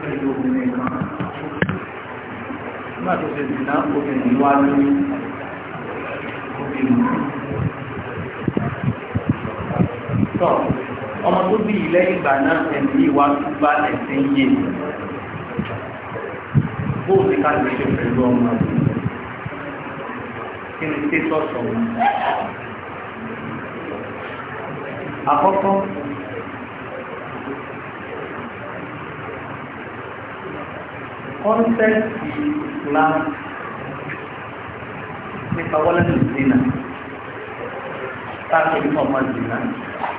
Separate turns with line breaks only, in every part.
pẹ̀lú obìnrin kan nígbà tó ṣe dìná obìnrin wá ní obìnrin tọ́ ọmọ tó bí ilẹ̀ ìgbà náà ẹ̀mí ìwà túbá ẹ̀sìn yé bóò ní ká lè ṣe pẹ̀lú ọmọ kí ni tẹ́tọ̀ sọ̀rọ̀ àkọ́kọ́
kọ́ńtẹ́ẹ̀tì Islam
nípa wọ́lẹ̀ ní ìdínà táàkiri náà máa dìnnà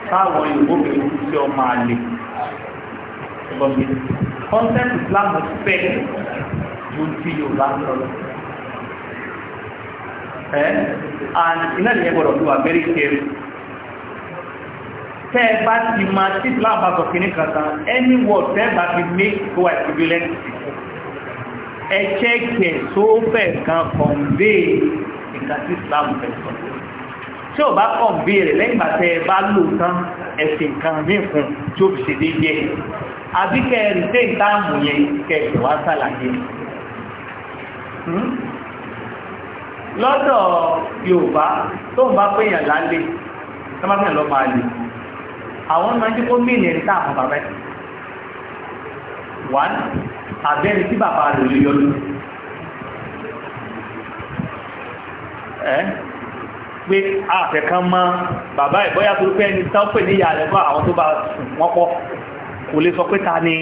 táwọn yòówó fi kú sí ọmọ àlè gbọ̀ngbẹ̀ kọ́ńtẹ́ẹ̀tì Islam fẹ́ ju ti Yorùbá lọ ẹ́ and iná ìyẹn gbọ́dọ̀ tó wà very careful tẹ́ ẹ bá ti máa tí Islam bá sọ kìnnìkan tán any word tẹ́ ẹ make go equivalent to ẹ̀kẹ́ kẹ̀ tó fẹ̀ kan kọ̀ǹbé nǹkan tí Islam fẹ́ sọ tí ò bá kọ̀ǹbé rẹ̀ lẹ́yìn ìgbà tẹ́ ẹ bá lò tán ẹ̀sìn kan ní fún tí ó fi ṣe déédéé àbí kẹ́ ẹ rí sí ìtààmù yẹn kẹ́ wá sàlàyé hmm? lọ́dọ̀ Yorùbá tó ń bá péyàn lálé tó one àbẹ́ni tí bàbá rẹ̀ lè yọ lórí ẹ́ pé àfẹ́kan mọ́ bàbá ìbọ́yá tó pẹ́ ní tọ́pẹ̀ ní ìyàlẹ́ bá àwọn tó bá wọ́n pọ̀ kò lè sọ pé ta ni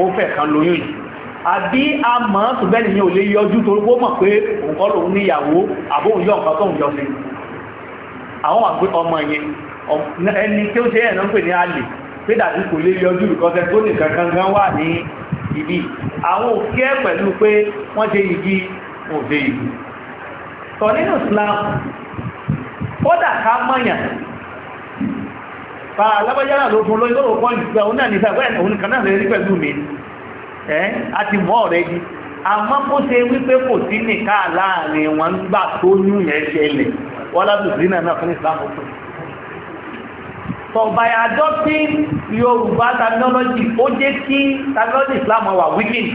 ó fẹ́ kan lóyún yìí àbí a mọ̀ ọ́n tó bẹ́ẹ̀ ni ò lè yọjú torí ó mọ̀ pé òun kọ́ lòun ní ìyàwó àbóhùn yọ nǹkan tóun yọ sí àwọn wà pé ọmọ yẹn ẹni tí ó ṣe ẹ̀ náà pè ní àlè pé dàbí kò lè yọjú ìkọsẹ̀ tó nìkan kan wà ní ìbí àwọn òkè ẹ̀ pẹ̀lú pé wọ́n ṣe igi wọ́n ṣe igi tọ̀ nínú Islam kódà ká mọ̀yàn fa alábájá náà ló fún lóyún lóòrùn pọ́ǹtì pé òun náà ní ìfẹ́ pẹ́ẹ́nì òun kan náà lè rí pẹ̀lú mi ẹ́ a ti mọ́ ọ̀rẹ́ yìí àmọ́ kó ṣe wípé kò sí nìka láàrin wọn gbà tó yún yẹn ṣẹlẹ̀ wọ́n lábùsí náà náà fún So by adopting Yorùbá terminology, ó jẹ́ kí terminology Islam wà weaken.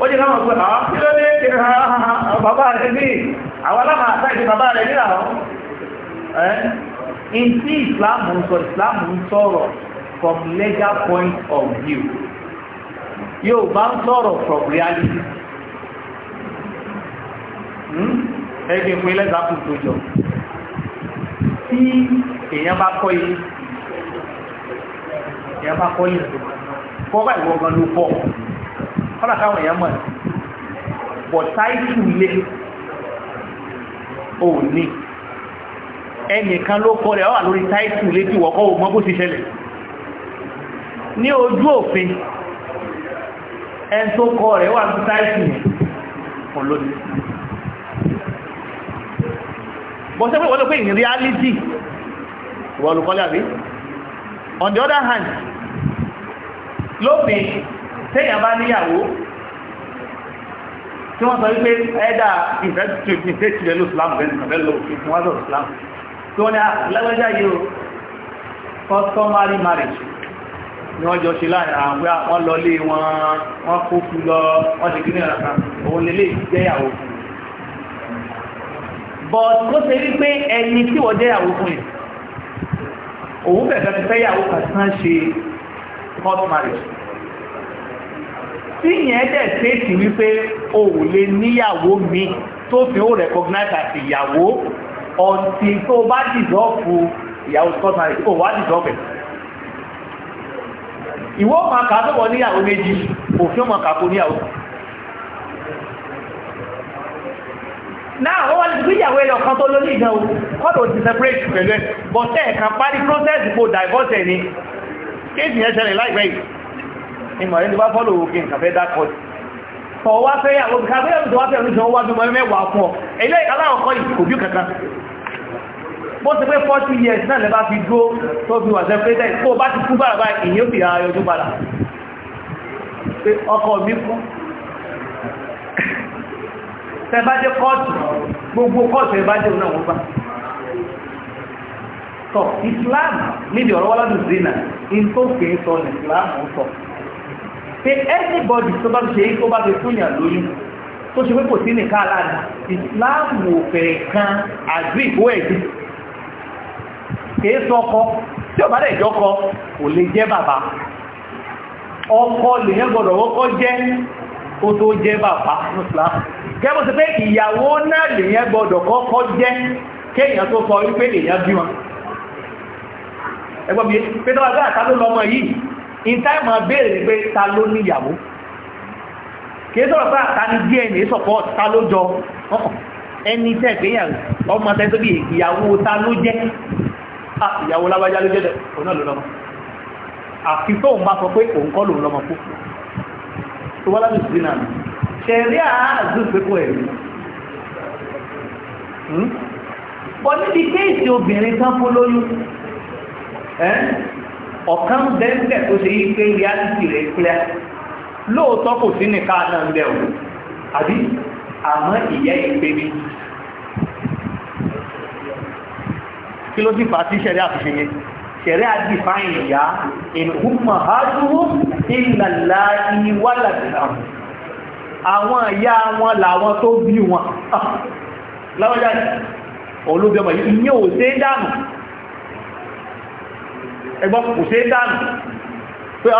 Ó jẹ́ láwọn ọ̀pọ̀ àwọn ah, kí ló dé ah, bàbá rẹ̀ ní àwọn aláma àtàkì bàbá rẹ̀ ní àwọn. Eh? In tí Islam ń sọ, Islam ń sọ̀rọ̀ from legal point of view. Yorùbá ń sọ̀rọ̀ from reality. Hmm? Ẹgbẹ̀ fún ilẹ̀ ìzákùn tó jọ tí èèyàn bá kọ́ ilé èèyàn bá kọ́ ilé fọ́ bá ìwọ gan ló bọ̀ kọ́lá káwọn èèyàn mọ̀ bọ̀ táìtù ilé ò ní ẹnìkan ló kọ́ rẹ̀ wà lórí táìtù ilé tí wọ́kọ́ ò mọ̀ bó ti ṣẹlẹ̀ ní ojú òfin ẹn tó kọ́ rẹ̀ wà lórí táìtù yẹn bọ́sẹ̀ pé wọ́n ló pé in reality wọ́n ló kọ́lé àbí on the other hand lópin tẹ́yàn bá níyàwó tí wọ́n sọ wípé ẹ́dà ìfẹ́ tuntun tẹ́ tilẹ̀ Islam bẹ́ẹ̀ lọ ìfún wáṣọ Islam tí wọ́n ní alágbájá yìí o customary marriage ni wọ́n jọ ṣe láàrin àwọn wọ́n lọ lé wọn wọ́n kó fún lọ wọ́n ti kí ní ọ̀rọ̀ kan òun lè lè jẹ́yàwó fún but kó ṣe rí pé ẹni tí wọ́n jẹ́ ìyàwó fún yẹn òun bẹ̀rẹ̀ fẹ́ ìyàwó kàtàn ṣe court marriage tí yẹn dẹ̀ ṣèṣì wípé o ò lè níyàwó mi tó fi ó recognize as ìyàwó ọ̀sìn tó bá dìdọ́ọ̀fù ìyàwó court marriage ó wá dìdọ́ọ̀fù ìwọ́n máa kà á tó wọ níyàwó méjì òfin máa kà á kó níyàwó kan náà wọ́n wọ́n gbé ìyàwó ẹ̀yọ̀ kan tó ló ní ìdánwò kọ́dọ̀ ti separate pẹ̀lú ẹ̀ but ẹ̀ kan parí process kò divorce ẹ̀ ni kéèsì yẹn ṣẹlẹ̀ láìpẹ́ yìí ni mọ̀ ẹni bá fọ́lọ̀ òkè nǹkan fẹ́ dákọ̀ tọ̀ wá fẹ́ yàwó bí káfẹ́ yàwó wá fẹ́ oníṣẹ́ wá bí mọ̀ mẹ́wàá fún ọ ilé aláwọ̀kọ́ yìí years náà lẹ́bá fi dúró tó fi wà separated tó bá ti kú bàrà báyìí ìyẹn ó fi ara yọjú padà pé ọkọ mi
tẹ́bájé kọ́ọ̀tù
gbogbo kọ́ọ̀tù ẹ̀bájé náà wọ́n bá tọ́ islam níbi ọ̀rọ̀ wọ́lá nìzínà in tó kè é sọ islam ń sọ pé anybody tó bá ṣe tó bá fi fúnyà lóyún tó ṣe pé sí nìkan aláàdá islam ò fẹ́ kan àgbí ìkó ẹ̀dí kè é sọ ọkọ tí ọ̀bá dẹ̀ jọkọ kò lè jẹ́ bàbá ọkọ lèyàn gbọ́dọ̀ ọkọ jẹ́ kó tó jẹ́ bàbá ní islam gẹ́gbọ́n sí pé ìyàwó náà lèyàn gbọ́dọ̀ kọ́kọ́ jẹ́ kéèyàn tó sọ wípé lèyàn bí wọn ẹgbọ́n mi pé tó wà gbá àtàló lọmọ yìí in táìmù abéèrè pé ta ló níyàwó kìí sọ̀rọ̀ pé àtà ní dna support ta ló jọ ẹni tẹ́ ìpínyàwó ọmọ tẹ́ tó bí ìyàwó ta ló jẹ́ ìyàwó lábájá ló jẹ́ òun náà ló ṣẹ̀ríà àzúfẹ́kọ̀ ẹ̀ bọ̀ níbi kéèsì obìnrin kan fún lóyún ọ̀kan bẹ́ẹ̀ tó ṣe yí pé reality rẹ̀ clear lóòótọ́ kò sí nìka náà ń bẹ̀ o àbí àmọ́ ìyá ìpè mi kí ló sì fà á sí ṣẹ̀ríà àfihàn yẹn ṣẹ̀rẹ́ àdìfáìn ìyá ìhùmọ̀ hajjúhùn ìlàláì wálàdìláàmù àwọn ìyá wọn làwọn tó bí wọn ah, láwọ́jáde olóbi ọmọ yìí ní òṣè dànù ẹgbọ́n òṣè dànù pé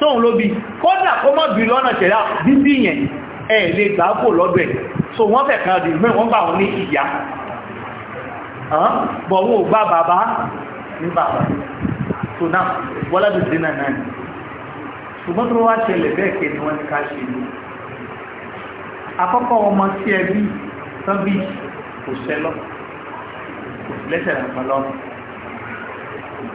sóhun ah, ló bí kódà kó mọ́ bí lọ́nà tẹ̀lá bíbí yẹn ẹ̀ lè gbà kò lọ́dọ̀ ẹ̀ so wọ́n fẹ̀ kan dì mẹ́ wọ́n gbà wọn ní ìyá ah, bọ̀ wọn ò gbà bàbá ní bàbá so now wọ́lá bí ṣùgbọ́n tó wá ṣẹlẹ̀ bẹ́ẹ̀ ni wọ́n ká ṣe ní àkọ́kọ́ ọmọ tí ẹ bí tán bí kò sẹ́lọ́ kò sí lẹ́sẹ̀ lọ́pọ̀ lọ́nà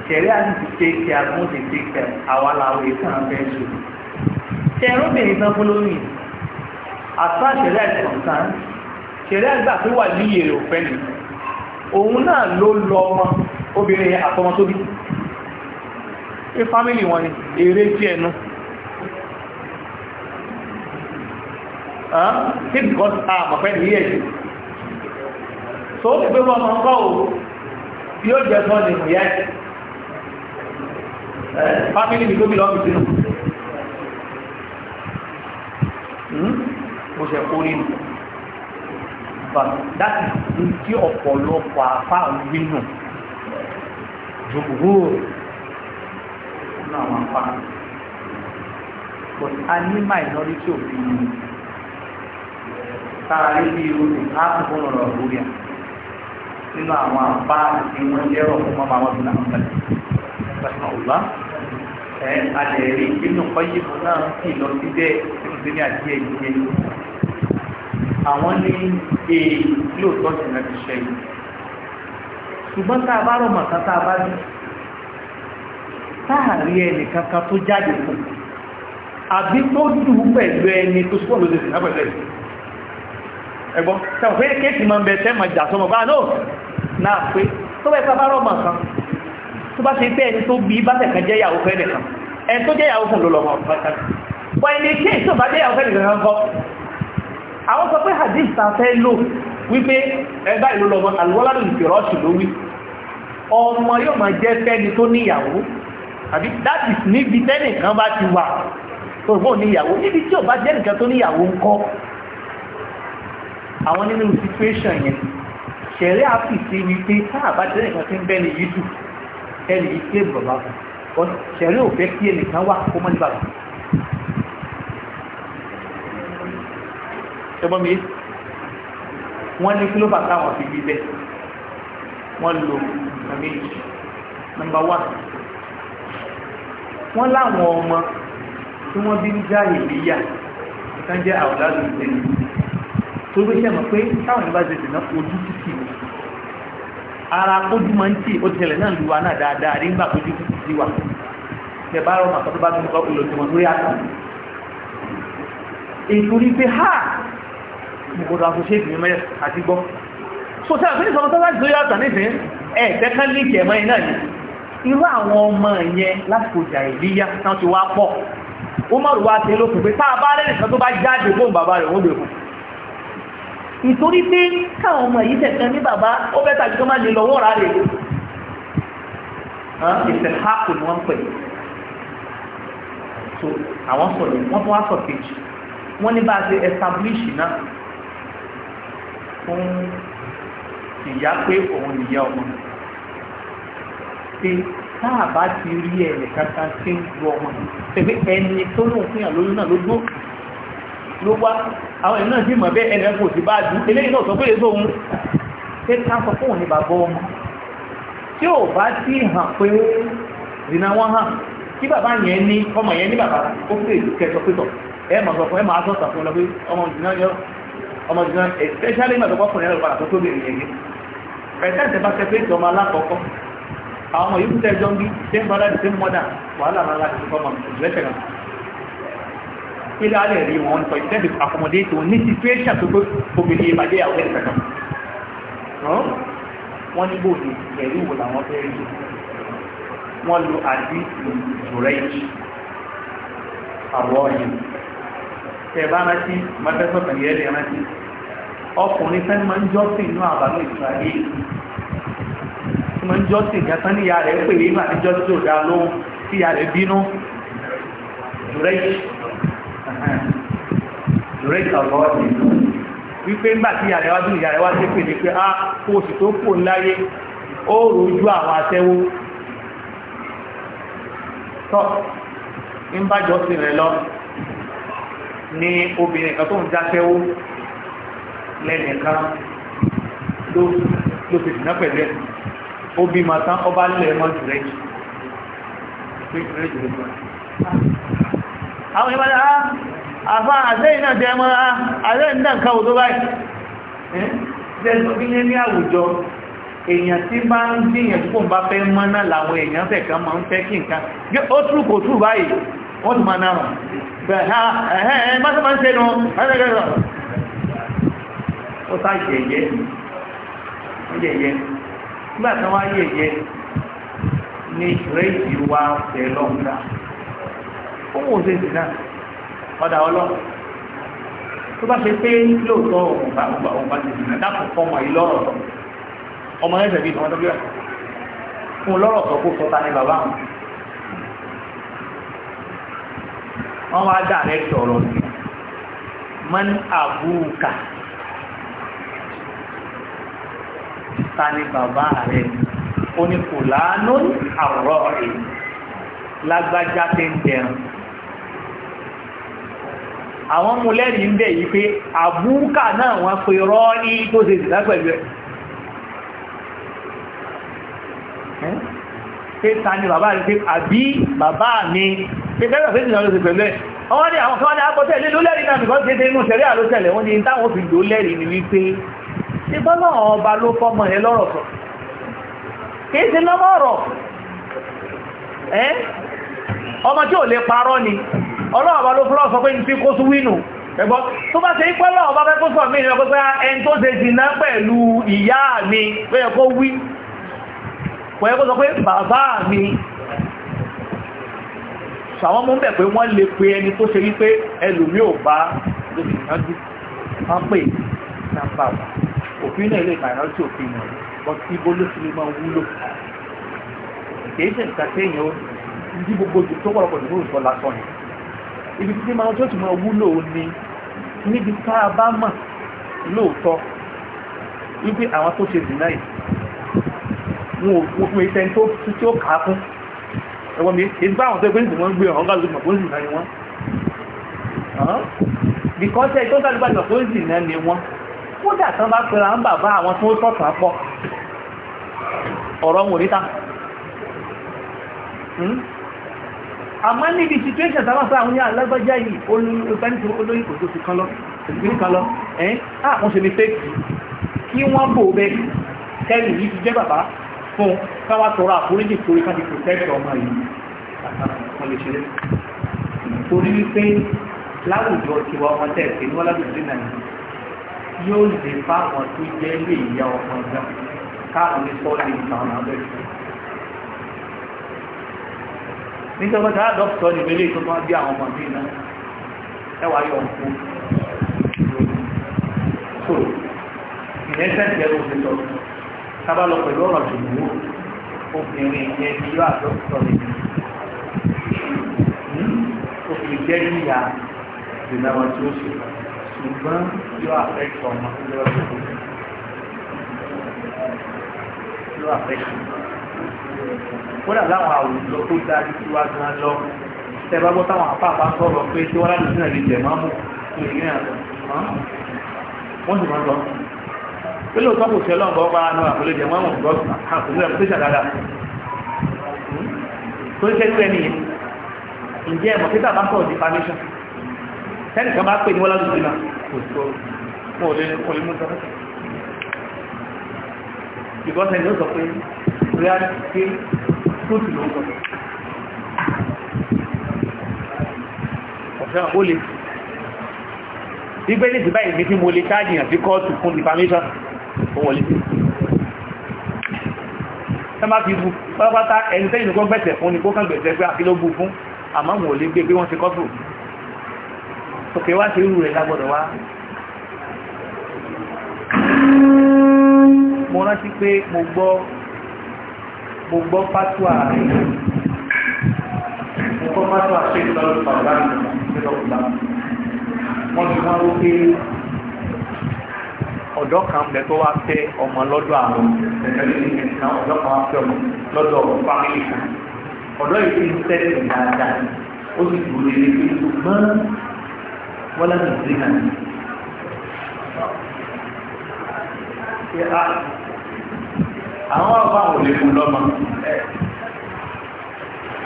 tẹ̀rí àti ti ṣe kí agbóhùn ti ṣe kí àwa làwọn èyí tàn fẹ́ ṣe tẹ̀rí obìnrin tán fún lórí àtúnṣe àṣẹrí àìsàn ṣẹ̀rí àgbà tó wà ní èrè òfẹ́ ni òun náà ló lọ ọmọ obìnrin àtọmọ tó bí pé fámìlì wọn ni èrè tí ẹnu tí nǹkan àmọ̀fẹ́ nìyẹ̀ tó gbé wọn mọ́ kọ́ ò yóò jẹ́ sọ ní ìyẹ́ fámílì ní gómìnà ọ́fíìsì nù mo ṣe kó nínú láti ní tí ọ̀pọ̀lọpọ̀ àfá nínú jùgbò náà wọn pa but a ní minority opinion tára rí bí irú ní áàpù lọ́rọ̀ lórí à nínú àwọn àpá àti wọn jẹ́ ọ̀rọ̀ fún mọ́mọ́ àwọn ìlànà pẹ̀lú pẹ̀lú ọ̀gbá ẹ̀ alẹ́rí nínú kọ́yìnbó náà ń kì lọ síbẹ̀ nínú sí ní àdíyẹ ìdíyẹ àwọn ní èè lóòótọ́ sí náà ti ṣẹ́yìn ṣùgbọ́n tá a bá rọ̀ màkà tá a bá rí táàrí ẹnì kankan tó jáde fún àbí tó dùn pẹ̀lú ẹni tó sọ́ọ̀lù lè sìn náà pẹ̀lú ẹ̀sìn ẹgbọ́n sẹ́wọ̀n pé kéèkì máa ń bẹ sẹ́mọ̀ ìjà sọmọ̀ bá náà náà pé tó bẹ́ sábà rọ̀ màá kan tó bá ṣe pé ẹni tó bí bá tẹ̀kan jẹ́ ìyàwó fẹ́ nìkan ẹni tó jẹ́ ìyàwó fún ló lọ́mọ ọ̀pọ̀lọpọ̀ pọ̀ ẹni kéèkì tó bá jẹ́ ìyàwó fẹ́ nìkan kọ́ àwọn sọ pé hadith ta fẹ́ lò wípé ẹgbá ìlú lọ́mọ alùwọ́ládù ìfìrọ́ọ̀ṣì ló wí ọmọ yóò máa jẹ́ fẹ́ni tó níyàwó àbí that is níbi tẹ́nìkan bá ti wà tó bó níyàwó níbi tí ò bá jẹ́ nìkan tó níyàwó ń kọ́ àwọn nínú situation yẹn ṣẹ̀rẹ́ àfi sí wípé táà bá jẹ́ nǹkan tí ń bẹ́ni yìí dù ẹni yìí tí èbù bàbá kan ṣẹ̀rẹ́ ò fẹ́ kí ẹnìkan wà kó mọ́ ní bàbá ṣẹbọ́n mi wọ́n ní kí ló bá táwọn fi bí bẹ́ẹ̀ wọ́n lo nǹkan number one. wà wọ́n láwọn ọmọ tí wọ́n bí ń jáde níyà kan jẹ́ àwòdá lòdì torí iṣẹ́ mọ̀ pé táwọn ìbá ṣe dènà ojú títì wò ara ojú máa ń tì ó ti ṣẹlẹ̀ náà lu wa náà dáadáa rí nígbà ojú títì sí wa ṣe bá rọ màtọ́ tó bá tún kọ́ olóòtú lórí àtọ̀ nítorí pé ha mo kò tó àṣọṣe ìgbìmọ̀ mẹ́rẹ̀ àti gbọ́ so sára fún ìsọmọ sára lórí àtọ̀ nífẹ̀ẹ́ ẹ̀ tẹ́kán ní ìkẹ́ mọ́ iná yìí irú àwọn ọmọ yẹn lásìkò jà ìlíyà náà ti wá pọ̀ ó mọ̀rù wá ṣe pé tá a bá rẹ̀ nìkan tó bá jáde fóun bàbá rẹ̀ wọ́n gbè fún ìtorí pé káwọn ọmọ yìí tẹ̀kan ní bàbá ó bẹ́ tàbí tó má lè lọ́wọ́ rà rè ìfẹ̀háàkù ni wọ́n pè so àwọn sọ̀rọ̀ wọ́n tún wá sọ̀ kejì wọ́n ní bá a ṣe establish náà fún ìyá pé òun nìyá ọmọ pé táà bá ti rí ẹnì kankan tí ń lu ọmọ tẹ̀lé ẹni tó lóun fún yàn náà ló dúró ló wá àwọn ìlú náà sí mọ̀ bẹ́ẹ̀ ẹni ẹ̀kọ́ sí bá dùn eléyìí náà sọ pé èso òun pé ká sọ fún òun ní bàbá ọmọ tí ò bá sí hàn pé ìdìnnà wọn hàn kí bàbá yẹn ní ọmọ yẹn ní bàbá ó pè kẹsọ pẹtọ ẹ mà sọ fún ẹ mà sọ sọ fún pé ọmọ ìdìnnà especially ìgbà tó kọ́ fún ẹ lọ́pàá tó tóbi ìyẹn yìí pẹ̀sẹ̀ǹtẹ̀ bá ṣe pé ìjọba alákọ̀ọ́kọ́ àwọn ọmọ yìí kú tẹ́ jọ ń bí pé lálẹ́ rí wọn for instead of accommodate wọn ní situation tó gbóbìnrin ìbàdí àwọn ẹ̀rọ kan wọ́n ní bòdì ẹ̀rí wò làwọn fẹ́ rí wọ́n lo àdìsí ìrẹ́jì àwọ̀ ọ̀yìn tẹ̀bá rántí mọ́tẹ́sọ̀ tẹ̀lé ẹ̀rẹ́ rántí ọkùnrin fẹ́ máa ń jọ́sìn inú àbálò ìsirayé máa ń jọ́sìn ìjàtán ní ìyá rẹ̀ pè é máa ń jọ́sìn òdà lóhun tí ìyá rẹ̀ bínú ìrẹ́jì rate of God is wípé ńgbà tí ìyá rẹ̀ wá dùn ìyá rẹ̀ wá sí pé ní pé á ah, kó oṣù tó kù ńláyé ó rojú àwọn aṣẹ́wó tọ́ ń bájọ́ sí rẹ̀ lọ ní obìnrin kan tó ń dáṣẹ́wó lẹ́nìkan ló ló ti dìná pẹ̀lú ẹ̀ ó màtán ọba lẹ̀ mọ́ jù rẹ̀ jù rẹ̀ jù rẹ̀ jù rẹ̀ àwọn ìbá ní àfá àṣẹ́yìn náà jẹ mọ́ àṣẹ́yìn náà kan òtó báyìí jẹ́ ní àwùjọ èèyàn tí bá ń gbìyànjú kò bá fẹ́ mọ́ náà làwọn èèyàn fẹ́ kan máa ń fẹ́ kí nǹkan ó tú kò tú báyìí wọ́n ti máa náà rùn bẹ̀rẹ̀ ẹ̀hẹ́ mọ́sánmọ́ ń ṣe nù ẹ̀ẹ́dẹ́gbẹ̀rẹ̀ ó sá yẹ̀yẹ́ yẹ̀yẹ́ òun ò ṣe sì náà ọ̀dà ọlọ́ tó bá ṣe pé lóòótọ́ òun bá òun bá ṣe sì náà dákùn fọ́ ọmọ yìí lọ́rọ̀ sọ ọmọ ẹ̀ṣẹ̀ bíi tọmọdé bí wà fún lọ́rọ̀ sọ kó sọ ta ni bàbá wọn wọ́n wá dà rẹ̀ sọ̀rọ̀ ní man àbúkà ta ni bàbá rẹ̀ oníkùlánú àrọ̀ rẹ̀ lágbájá tẹ́ ń tẹ̀rùn àwọn mú lẹ́rìí ń bẹ̀ yìí pé àbúkà náà wọ́n pe rọ́ ní tó ṣe ìsìnká pẹ̀lú ẹ̀ pé ta ni bàbá rẹ̀ pé àbí bàbá mi pé bẹ́rẹ̀ fẹ́ ìsìnká ló ṣe pẹ̀lú ẹ̀ ọwọ́n ni àwọn kan ní àpọ̀tẹ̀lẹ́ ló lẹ́rìí náà nìkan ṣe inú ṣẹ̀rí àlóṣẹ̀lẹ̀ wọ́n ni táwọn fi ló lẹ́rìí ni wípé ṣe bọ́lá ọba ló fọ́mọ ẹ lọ́rọ̀ sọ kìí ṣe lọ́mọ ọ̀rọ̀ ọmọ tí ò lè parọ́ ni ọlọ́ọ̀bá ló fúlọ́ sọ pé ní tí kó sú wínú ẹgbọ́ tó bá ṣe ipẹ́ lọ́ọ̀bá fẹ́ kó sọ mí ní ọgbọ́gbọ́ ẹni tó ṣe jìnà pẹ̀lú ìyá mi ló yẹ kó wí kò yẹ kó sọ pé bàbá mi sàwọn mú bẹ̀ pé wọ́n lè pe ẹni tó ṣe wípé ẹlòmí ò bá lóṣìṣẹ́jú wọ́n pè ní bàbá òfin náà ilé minority opinion bọ́ sí bó ló ti lè máa wúlò kìí ṣe nǹkan téèyàn ní gbogbo tó pọ̀lọpọ̀ ìgbóhùn sọ lásán yìí ibi tí máa tó ti mọ wúlò ni níbi tá a bá mọ̀ lóòótọ́ wípé àwọn tó ṣe zìnà yìí wọn ò fún iṣẹ́ tí ó kà á fún ẹ̀wọ̀n mi ìgbà àwọn tó gbé nìkan gbé because ẹ̀ tó gàlù gbàlù mọ̀ fún zìnà ni wọ́n kódà tán bá pera ń bàbá àwọn tó tọ̀tàn ọ̀rọ̀ wọn àmọ́ níbi situation tàbátà àwọn alágbájá yìí olóyìnbó olóyìnbó tó ti kan lọ ìpínlẹ̀ kan lọ ẹ̀yìn àwọn ṣe mistake kí wọ́n bò bẹ kẹ́lì yìí ti jẹ́ bàbá fún káwà tọrọ àforíjì torí káti protect ọmọ yìí wọ́n lè ṣeré torí wípé láwùjọ tiwa ọmọ tẹ̀sí ní wọ́n lábùjọ náà yóò lè fáwọn tó jẹ́ ilé ìyá ọmọ náà káwọn sọ́ọ̀lì ìtàn àwọn nígbà mẹ́ta dọ́kítọ̀ ní ilé tó máa bí àwọn ọmọdé náà ẹwà yọ ọ̀pọ̀ so ìrẹsẹ̀tì ẹ̀rọ òṣèlú sábà lọ pẹ̀lú ọ̀rọ̀ tó wú obìnrin yẹ kí yọ àdọ́kítọ̀ ní obìnrin jẹ́ kódà láwọn àwùjọ tó dájú sí wá gan lọ tẹ́bá gbọ́ táwọn àpáàpá sọ̀rọ̀ pé tí wọ́n láti sínú ìjẹ̀ máa mú ìrìn àjọ wọ́n sì máa lọ pé lóòótọ́ kò ṣẹlọ́ ọ̀gbọ́n bá náà àpòlè jẹ̀ máa mú ọ̀gbọ́n àkùnrin rẹ̀ pé ṣàdáda tó ń ṣẹ́jú ẹni ǹjẹ́ ẹ̀mọ̀ pé tàbá sọ̀rọ̀ di permission tẹ́nì kan bá pè ní wọ́n láti sínú kò sọ tútù ló sọ ọ̀fẹ́ ó lè ìgbẹ́lẹ̀ ìsìnbá ìmí tí mo lè káàdì àti kọ́ọ̀tù fún defamation ó wọlé tẹ́mà fi bú pátápátá ẹni tẹ́yìn ló kọ́ gbẹ̀sẹ̀ fún ni kó kàn gbẹ̀sẹ̀ pé àfi ló bú fún àmọ́ wọn ò lè gbé pé wọ́n ti kọ́tù òkè wá ṣe irú rẹ̀ lágbọ́dọ̀ wá mo rántí pé mo gbọ́ mo gbọ́ pátó ààrẹ mo gbọ́ pátó àṣẹ ìtọ́jú pàdánù nílọ́kùnlá wọ́n ti wá wípé ọ̀dọ́ kan bẹ̀ tó wá fẹ́ ọmọ lọ́dọ̀ àwọn ọ̀dọ́ kan wá fẹ́ ọmọ lọ́dọ̀ fámìlì kan ó sì dúró lé lé ṣùgbọ́n wọ́n láti dín náà àwọn ọba ò lè fún lọ́mọ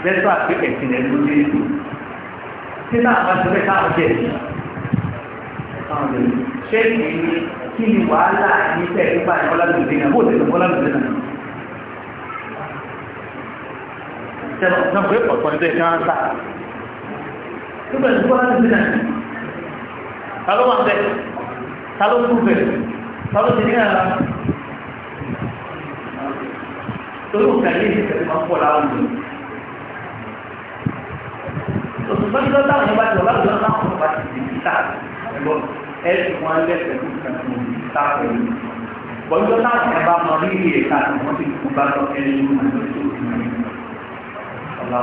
lẹ́tọ́ àti ẹ̀sìn ẹ̀ ló dé ètò tí náà bá ti fẹ́ káwọn jẹ́ ṣé ìní kí ni wàhálà ní fẹ́ nípa ìkọlá lòdì náà bó tẹ̀lé ìkọlá lòdì náà tẹ̀lé náà pé ọ̀pọ̀ ní tẹ̀lé náà ta tó bẹ̀rẹ̀ ìkọlá lòdì náà ta ló wà torí òkè ayé ìṣẹ̀lẹ̀ máa ń pọ̀ láwọn ènìyàn òṣùpá tí lọ́tà àwọn ọba tí ọba tí lọ́tà àwọn ọba ti di títà ẹ̀bọ ẹ̀sùn wọn lẹ́sẹ̀ tó kàn tó di títà pẹ̀lú bọ́n lọ́tà àwọn ọba mọ rírì ẹ̀ka àti wọ́n ti kú bá
lọ ẹni ní wọn lọ sí òkè náà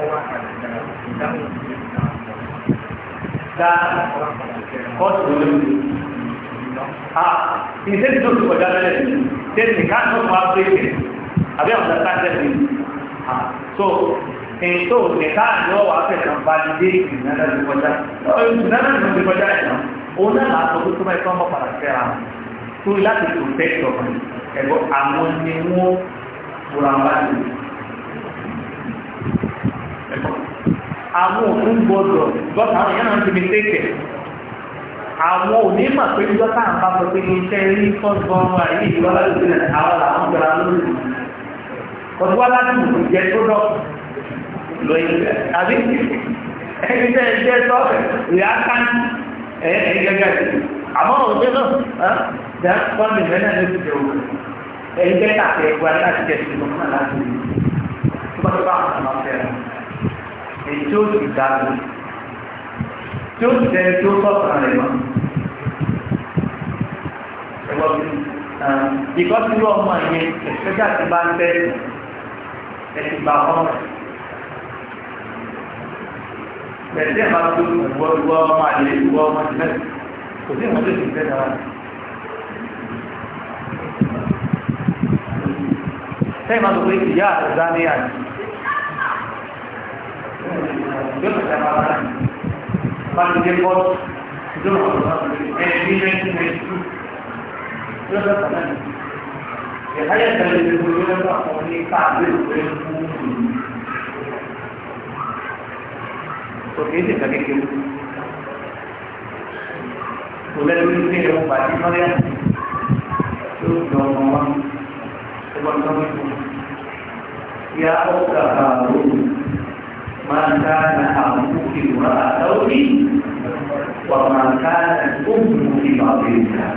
ọba wọn.
Dáa, kọ́ọ̀tù ló lé mi. Ah, Instead of to adjust it, then we cannot operate it. Have you understand Ah, So, and so the car no after can validate another deposit. Another deposit. Ona la sọ tó máa tọ́ ọmọ padà fẹ́ ara tó láti protect ọmọ ẹ̀gbọ́n àwọn ni wọ́n fura wáyé. Àwọn òkú gbọdọ̀ gbọ́dọ̀ àwọn yẹn náà ti mi tẹ́kẹ̀ẹ́ àwọn onímọ̀ pé ní dọ́tà ń bá sọ pé ní iṣẹ́ rí fọ́nbọ́n wa yìí ìlú ọlọ́dún sílẹ̀ àwọn làwọn gbẹ̀rẹ̀ lórí ìlú ọdún wa láti mú jẹ tó dọ̀ lóyún àbí ẹni tẹ́ ẹ jẹ́ tọ́ ìyá kan ẹ ẹ gẹ́gẹ́ àmọ́ òṣèlú náà dá fọ́nbì mẹ́ta ló ti jẹ́ tí ó ti tẹ́ tí ó tọ́ta rẹ̀ mọ́. ẹ̀wọ́n bí ìkọ́ tí wọ́n mọ̀ yẹn ẹ̀sẹ̀jà ti bá ń tẹ́ ẹ̀sìn gbà ọ́ Bẹ̀rẹ̀ tí a máa tó ìwọ ìwọ ọmọ àlè ìwọ ọmọ ìlẹ́ kò sí ìwọ́n tó ti fẹ́ dára. Sẹ́yìn máa tó pé ìyá àtọ̀dá ní àná.
Yóò tẹ̀lé ara rẹ̀
láti dé bọ́ ìjọba ọ̀rọ̀ láti dé ẹ̀ ní nineteen ninety two
yóò fẹ́ pàdé ìhayẹ̀ tẹ̀lé ìdìbò yóò fẹ́ pàdé ní káàdé ìwé fún mi.
òkè ìdè kàkékè wù kò lẹ́nu ní ilé ìwọ̀n pàdé mọ́lẹ́ tó jọ ọmọ wọn ما كان أبوك امرأ ثور وما كانت أمك بابيتا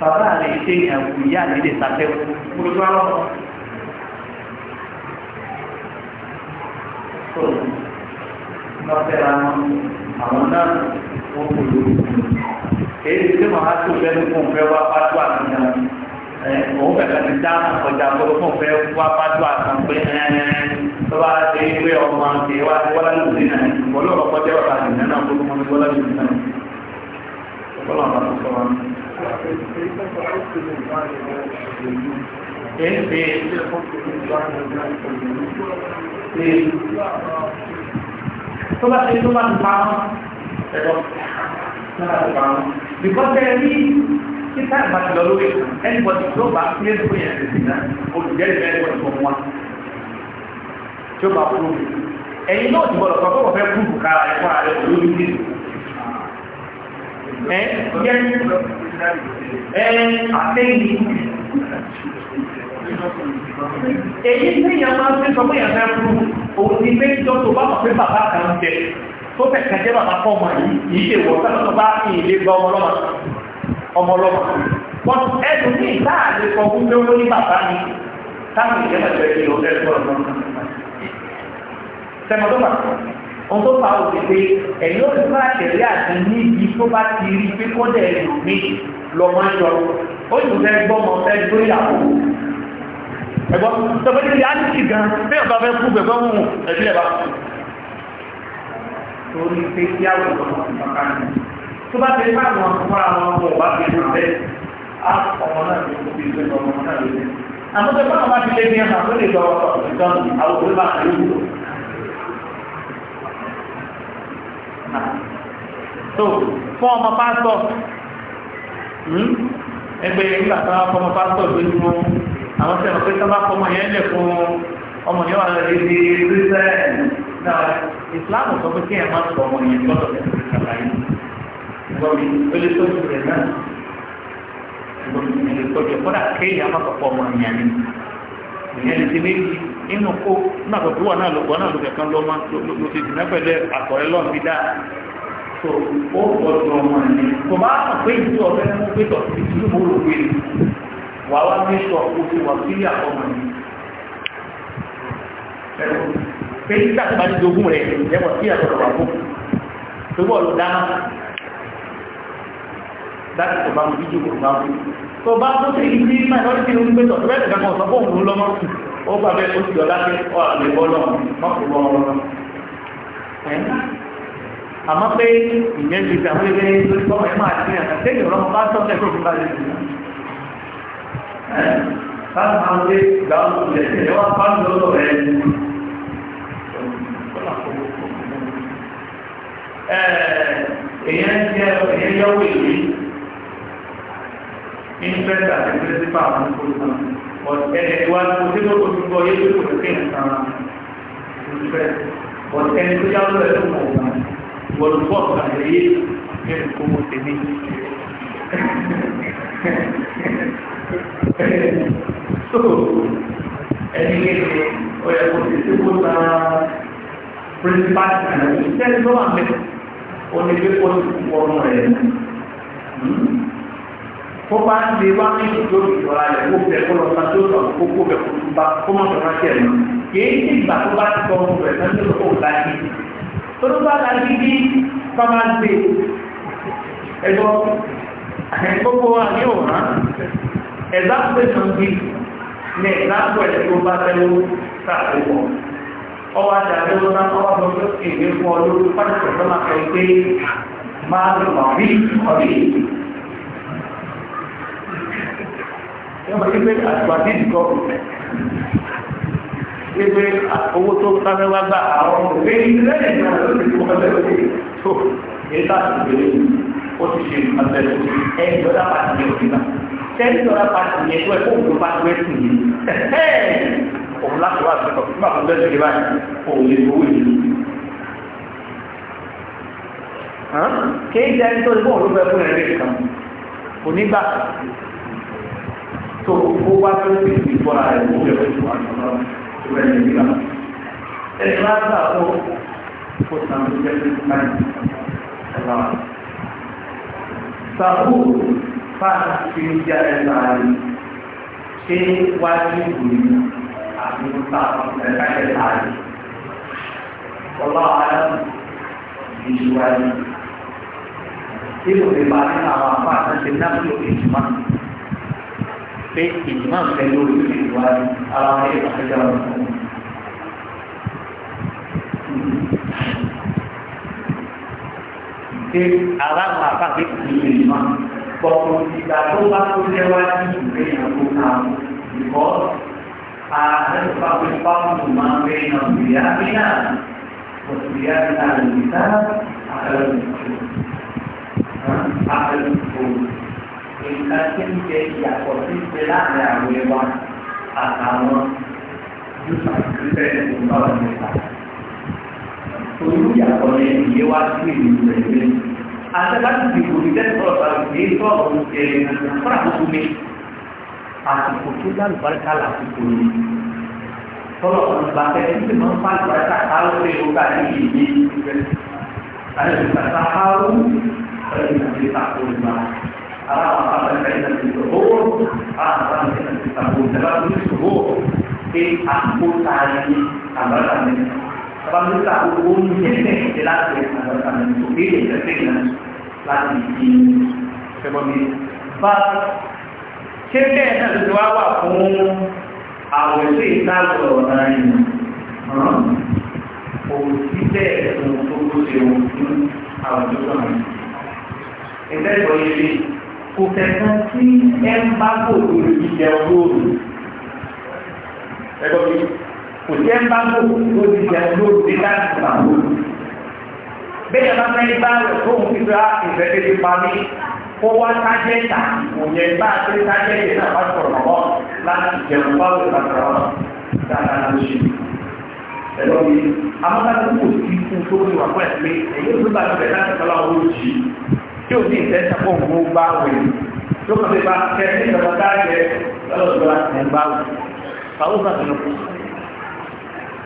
bàbá rẹ̀ ṣe ẹ̀wù ìyá rẹ̀ lè sàtẹ́wù gbogbo àwọn ọmọ. tó lọ́fẹ̀ẹ́ra àwọn náà wọ́n kò lórí. èyí tí màá tó fẹ́ẹ́ fún fẹ́ wá pátó àtúnyà òun bẹ̀rẹ̀ ti dá àkọjá tó fún fẹ́ wá pátó àtúnyà pé ẹ̀ẹ́ tọ́ba ṣe é pé ọmọ àti wá sí wọ́lá ní òsì náà pọ̀lú ọ̀rọ̀ pọ́jẹ́ wà láti nínú àwọn olùmọ̀ ní wọ́lá ní òsì náà ọ̀pọ̀lọ̀ àwọn àti sọ wọn. Èébè tó bá ṣe tó bá ti pa wọn ẹ̀dọ́ náà ti pa wọn. Bìkọ́sẹ̀ ní títà ìbàdàn lórí ẹnìbọ̀dì tó bá sílé tó yẹn ti sí náà olùjẹ́rìí mẹ́rin wọ́n ti fọ́ wọn tí ó bá kú mi ẹ̀yin náà ti gbọ́dọ̀ sọ pé wọ́n fẹ́ kú bùkà ẹ̀fọ́ ààrẹ kò lórí ní
èyí tí èyàn
máa ń fi sọ pé èyàn fẹ́ kú òun ti pé ìjọ tó bá wọ́n pé bàbá kan jẹ tó fẹ̀kẹ́ jẹ́ bàbá fọ́ ọmọ yìí yìí lè wọ́n sọ́dọ̀ tó bá fi ìlé gba ọmọlọ́mọ ọmọlọ́mọ wọ́n ní ìta àlè sọ fún pé ó ní bàbá mi táwọn ìjẹ́ sẹ́mọ̀tọ́mà ohun tó fa òkè pé ẹ̀yìn ó fún àṣẹ̀rí àti níbi tó bá ti rí pé kọ́dẹ̀ ẹ̀lò mi lọ́mọ jọ ó sì fẹ́ gbọ́mọ fẹ́ lórí àpò ẹ̀gbọ́n tọ́pẹ́ ti á ní kì gan bí ọba fẹ́ kú bẹ̀gbẹ́ wù ẹ̀bí ẹ̀bá torí pé kí á wù lọ́mọ ìpàkà ni tó bá ti fà wọn fúnra wọn wọn bá fi hàn bẹ́ẹ̀ á ọmọ náà ló fi gbé ọmọ náà lórí àmọ́ tẹ́gbọ́n àwọn bá ti lé ní ẹ̀ma so fún ọmọ pásítọ̀ hmm? ẹgbẹ́ nígbà tó wá fọmọ pásítọ̀ lójú wọn àwọn tí wọn pé tó bá fọmọ yẹn lẹ̀ fún ọmọ yẹn wà lọ sí ibi rísẹ́ náà ìsìláàmù sọ pé kí ẹ má sọ ọmọ yẹn lọ́dọ̀ ẹ̀ sí kàkà yìí gbọ́mi ó lè tọ́jú rẹ̀ náà gbọ́mi ó lè tọ́jú ẹ̀ kọ́dà kéèyàn má sọ ni ìyẹn lè ti méjì inú kó náà tó wà náà lọ́wọ́ náà lókè kan lọ́mọ ló ti dùnà pẹ̀lẹ́ àkọ́rẹ́ lọ́n fi dáa tó ó gbọ́dọ̀ ọmọ ẹni kò bá mọ̀ pé ìlú ọ̀fẹ́ mú pé tọ̀ sí ìlú mo rò pé wà wá ní sọ kó fi wà sí àkọ́mọ ẹni. pé nígbà tó bá ti dogun rẹ̀ ẹ̀wọ̀n sí àkọ́rọ̀ wà fún tó bọ́ọ̀lù dáná láti tó bá mú jíjù kò sáà fún tó bá tó ti ní minority ló ń gbé tọ̀tọ̀ bẹ́ẹ̀ kankan sọ fún òun lọ́mọ ó bá bẹ́ẹ̀ ó ti lọ láti ọ àlè bọ́ lọ́mọ mọ́kù bọ́ ọ lọ́mọ. àmọ́ pé ìyẹn ti dà wípé lórí bọ́ ẹ máa ti rìn àtẹ́yìn ọlọ́mọ bá tọ́ ẹ kúrò fún bá lè láti máa ń gbé ìgbà òkùnlẹ̀ ẹ̀ wá pàdé lọ́dọ̀ rẹ̀ ẹ̀ẹ́ èyàn jẹ́ èyàn yọ̀wé yìí ìfẹ́ta àti pírísípà àwọn olùkọ́ ọ̀tẹ́ni wá ní ojú tó kò túbọ̀ yé tó kò sí ìtara olùfẹ́ ọ̀tẹ́ni tó yá lọ́rẹ̀ tó mọ̀ ọ̀gá olùkọ́ ọ̀gá yé ní ẹ̀kọ́ mo ti ní. so ẹni kékeré ó yẹ kó ti sí kó ta pírísípà àti ìfẹ́ni tó wà mẹ́ta ó ní pé kó ti kú ọmọ tó bá ń lè wá ní ìjọ ìjọra rẹ̀ wó bẹ kó lọ sa tó sọ kó kó bẹ kó tó bá kó má sọ̀rọ̀ sí ẹ̀ lọ. kìí ní ìgbà tó bá ti sọ ọmọ rẹ̀ sẹ́ńtẹ́ lọ́wọ́ láti. tó ló bá láti bí fáwọn gbé ẹ̀gbọ́n gbogbo wa ní òwòrán ẹ̀dá pé sọ́ńdí ní ẹ̀dá pẹ̀ tó bá tẹ́wọ́ sáàtúwọ̀. ọwọ́ àdàdé wọn náà ọwọ́ sọ pé èdè fún ọ lórí pàṣẹ máa lọ rí ọ̀rẹ́ Ebe owó tó sáfẹ́ wá gbà àwọn òfin ìrìnlẹ́yìn náà ló ti kọ́ lẹ́wọ́ tó ẹ̀ta ìgbèrè ó ti ṣe ìpàtẹ́lẹ̀ ẹ̀yìn lọ́dá pàtàkì ní òfìnà. Tẹ́lẹ̀ lọ́dá pàtàkì ní ẹ̀kọ́ ẹ̀kọ́ òkú bá gbé sí yìí. Òun láti wá àtúntò nígbà tó bẹ́ẹ̀ ṣe báyìí, òun lè gbowó ìlú. Kéèjì ẹni tó kó bá tó ti fi bọ́ra rẹ̀ kó lè fún wa lọ́wọ́ tó bẹ́ẹ̀ lè nígbà. ẹni máa ń gbà tó kó sàmì jẹ́ pé máa ń ẹ̀rọ. sàkó fáànù ti ń jẹ́ ẹ̀rọ ààrẹ ṣé wájú ìgbòho àti nípa ẹ̀ka ẹ̀ka ààrẹ. ọlọ́wọ́ àdàmù ìṣúwájú. Ibu ìbáraẹni àwọn àpá àtàṣe náà ló ìjùmọ̀ pé ìjìmá ń bẹ lórí ìwà ara wọn ní ìpàdé wọn. ṣé ara wọn àpàgbé kì í lè má pọ̀pọ̀ ìgbà tó bá tó léwájú ìgbéyàwó náà ìkọ́ àtẹ̀síwájú pàmò máa ń bẹ̀rẹ̀ náà ìyá mi náà òṣìyá mi náà lè ní sáà àtẹ̀síwájú nǹkan tí ń jẹ ìyàtọ̀ sí ṣe láàrin àwọn ẹwà àtàwọn júùsà ìpínlẹ̀ ìpínlẹ̀ ọ̀rọ̀ nípa. Olú ìyàtọ̀ ni ìyé wá sí ìlú rẹ̀ gbé. Àtẹ́láti ti kò ní tẹ́sí ọ̀rọ̀ tàbí kì í sọ ọ̀rọ̀ ẹ̀rẹ̀ fún àkókò mi. Àsìkò tó dá lùbáríkà làkókò mi. Tọ́lọ̀ kan gba ẹni tí máa ń bá lùbáríkà káwọ́ pé ó gbà ní ìyè ìgbẹ́. Àlejò kàtà káwọ́ حرام قبل العلم في الظهور حرام قبل العلم في الظهور سبب في الظهور في أحبو تعالي أمرا من sebab itu tak hukum jenis jelas antara itu pilih dan pilih lagi di sebab ini sebab cerita yang terjawab pun awal itu tak berlain Òṣìṣẹ́ ẹ̀sùn tó kó ṣe òun kò tẹ̀sán tí ẹ ń bá bò lórí ìjẹ olóòrùn ẹgbẹ́ mi kò tí ẹ ń bá bò lórí ìjẹ olóòrùn ní láti bà wò bẹ́ẹ̀ bá fẹ́ bá rẹ̀ tó ń fi ra ìfẹ́lẹ́ ti pa mí kó wá sájẹ́ tà òyìn bá a ti sájẹ́ yìí náà bá sọ̀rọ̀ mọ́ láti jẹun bá wò lọ́sọ̀rọ̀ dáadáa ló ṣe ẹ̀rọ mi amọ́tàkùn kò sí fún tó ń wà fún ẹ̀sìn mi èyí bá ti bẹ̀ láti tí o ní ìfẹ́ sábọ̀ gbogbo bá wẹ̀ tó kàn fi bá kẹ́ ní ìjọba káàkiri lọ́dọ̀dọ̀ ẹ̀ ń bá wẹ̀ àwọn bá tẹ̀lé kù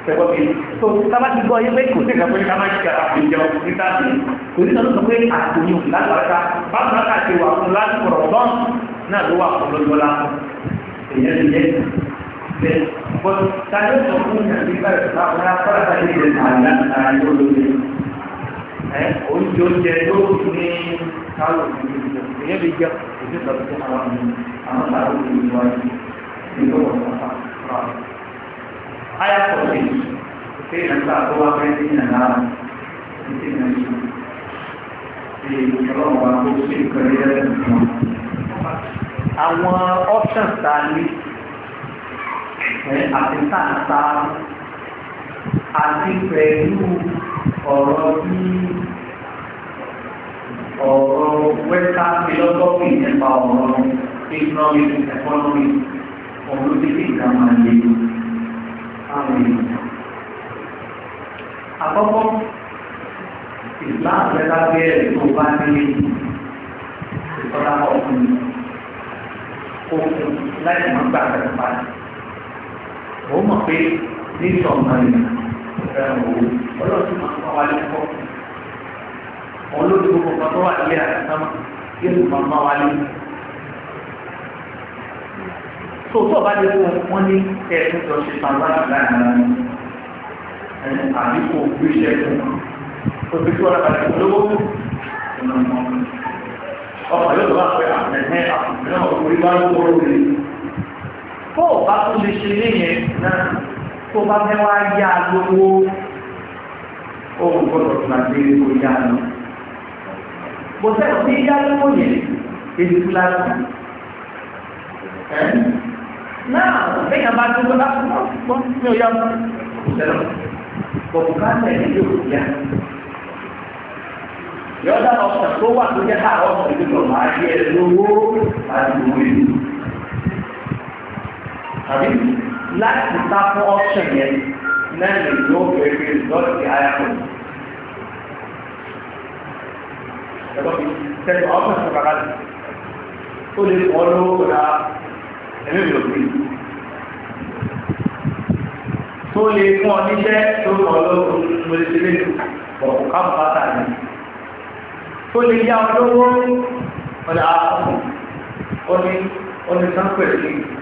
tẹ̀wọ́ bí tó sábà ti gbọ́ yẹn pé kò sí ìgbàgbọ́ ká má ṣe àpèjọ níta sí kò sí sọ́dọ̀ sọ pé àtòyìn lágbàtà báwọn náà ti wà fún lásìkò rọ̀gbọ́n náà ló wà fún lọ́jọ́ lásán èèyàn ti yẹ bẹ́ẹ̀ bọ́n tàbí sọ fún ìyàgbé báyìí láwọn afárá oúnjẹ oúnjẹ tó kù ní káàlù ìlú ìyẹn lè jẹ òṣèlú tàbí tó àwọn
àmì àwọn sàárò ìlú wáyé nínú ọ̀sán àpá.
ayàtọ̀ lè ṣe ìrìnàjò àti wá fẹ́ sí ìrìnàjò àti ìrìnàjò
ṣe ìrìnàjò wa tó ṣe ìkọlẹ̀ ẹ̀sìn
àwọn options tá a ní àti tá a ń ta àti pẹ̀lú ọ̀rọ̀ bí ọ̀rọ̀ western philosophy nípa ọ̀rọ̀ economic economy ọ̀rọ̀ títí ìgbà máa lè àwọn èèyàn. Àkọ́kọ́, Islam lẹ́la bẹ́ẹ̀ tó bá nílé ìtọ́lá ọkùnrin kókó láti máa gbà pẹ̀lú pàdé. Òun mọ̀ pé ní ìṣọ̀kan ìlànà fẹ́ràn òun ọlọ́run tó máa ń kọ́ wa lẹ́kọ́ òun ló ti gbogbo nǹkan tó wà nílé àtàtàmà kí èso máa bá wa lé tòótọ́ bá lè fún wọn ní ẹ̀ẹ́dùn tó ṣe pàmò àgbà náà àbí kò gbé yóò bá pẹ́ àtẹ̀hẹ́ àtẹ̀hẹ́ ọkùnrin bá ń kóró rè fóòbá lè ṣe léyìn náà tó bá fẹ́ wá yá lówó ohun gbọ́dọ̀ tó máa gbé tó yá lọ. Mo sẹ́wọ̀n sí yá lówó yẹn èdè fúlàsì. Náà lẹ́yìn bá tó lọ́la fún mi ò yá mọ́.
Bọ̀dù ká tẹ̀lé yóò yá.
Yọ̀dá ọ̀sán tó wà tó jẹ́ káàrọ̀ ọ̀sán ìdúró máa yẹ lówó àti òwe. Àbí? láti ta fún option yẹn náà lè ló fèrè lọ́sì ayàpọ̀. ẹ̀kọ́ mi tẹ́lẹ̀ option tó kàkà lè ó lè kọ́ lówó ra ẹ̀mí mi ò pè é. tó lè fún ọ níṣẹ́ tó kọ́ lówó mo lè ṣe lè bọ̀ ká bùkátà ni. tó lè yá ọ lówó ọ̀dà ọ̀nì ọ̀nì sáńpẹ̀ sí i.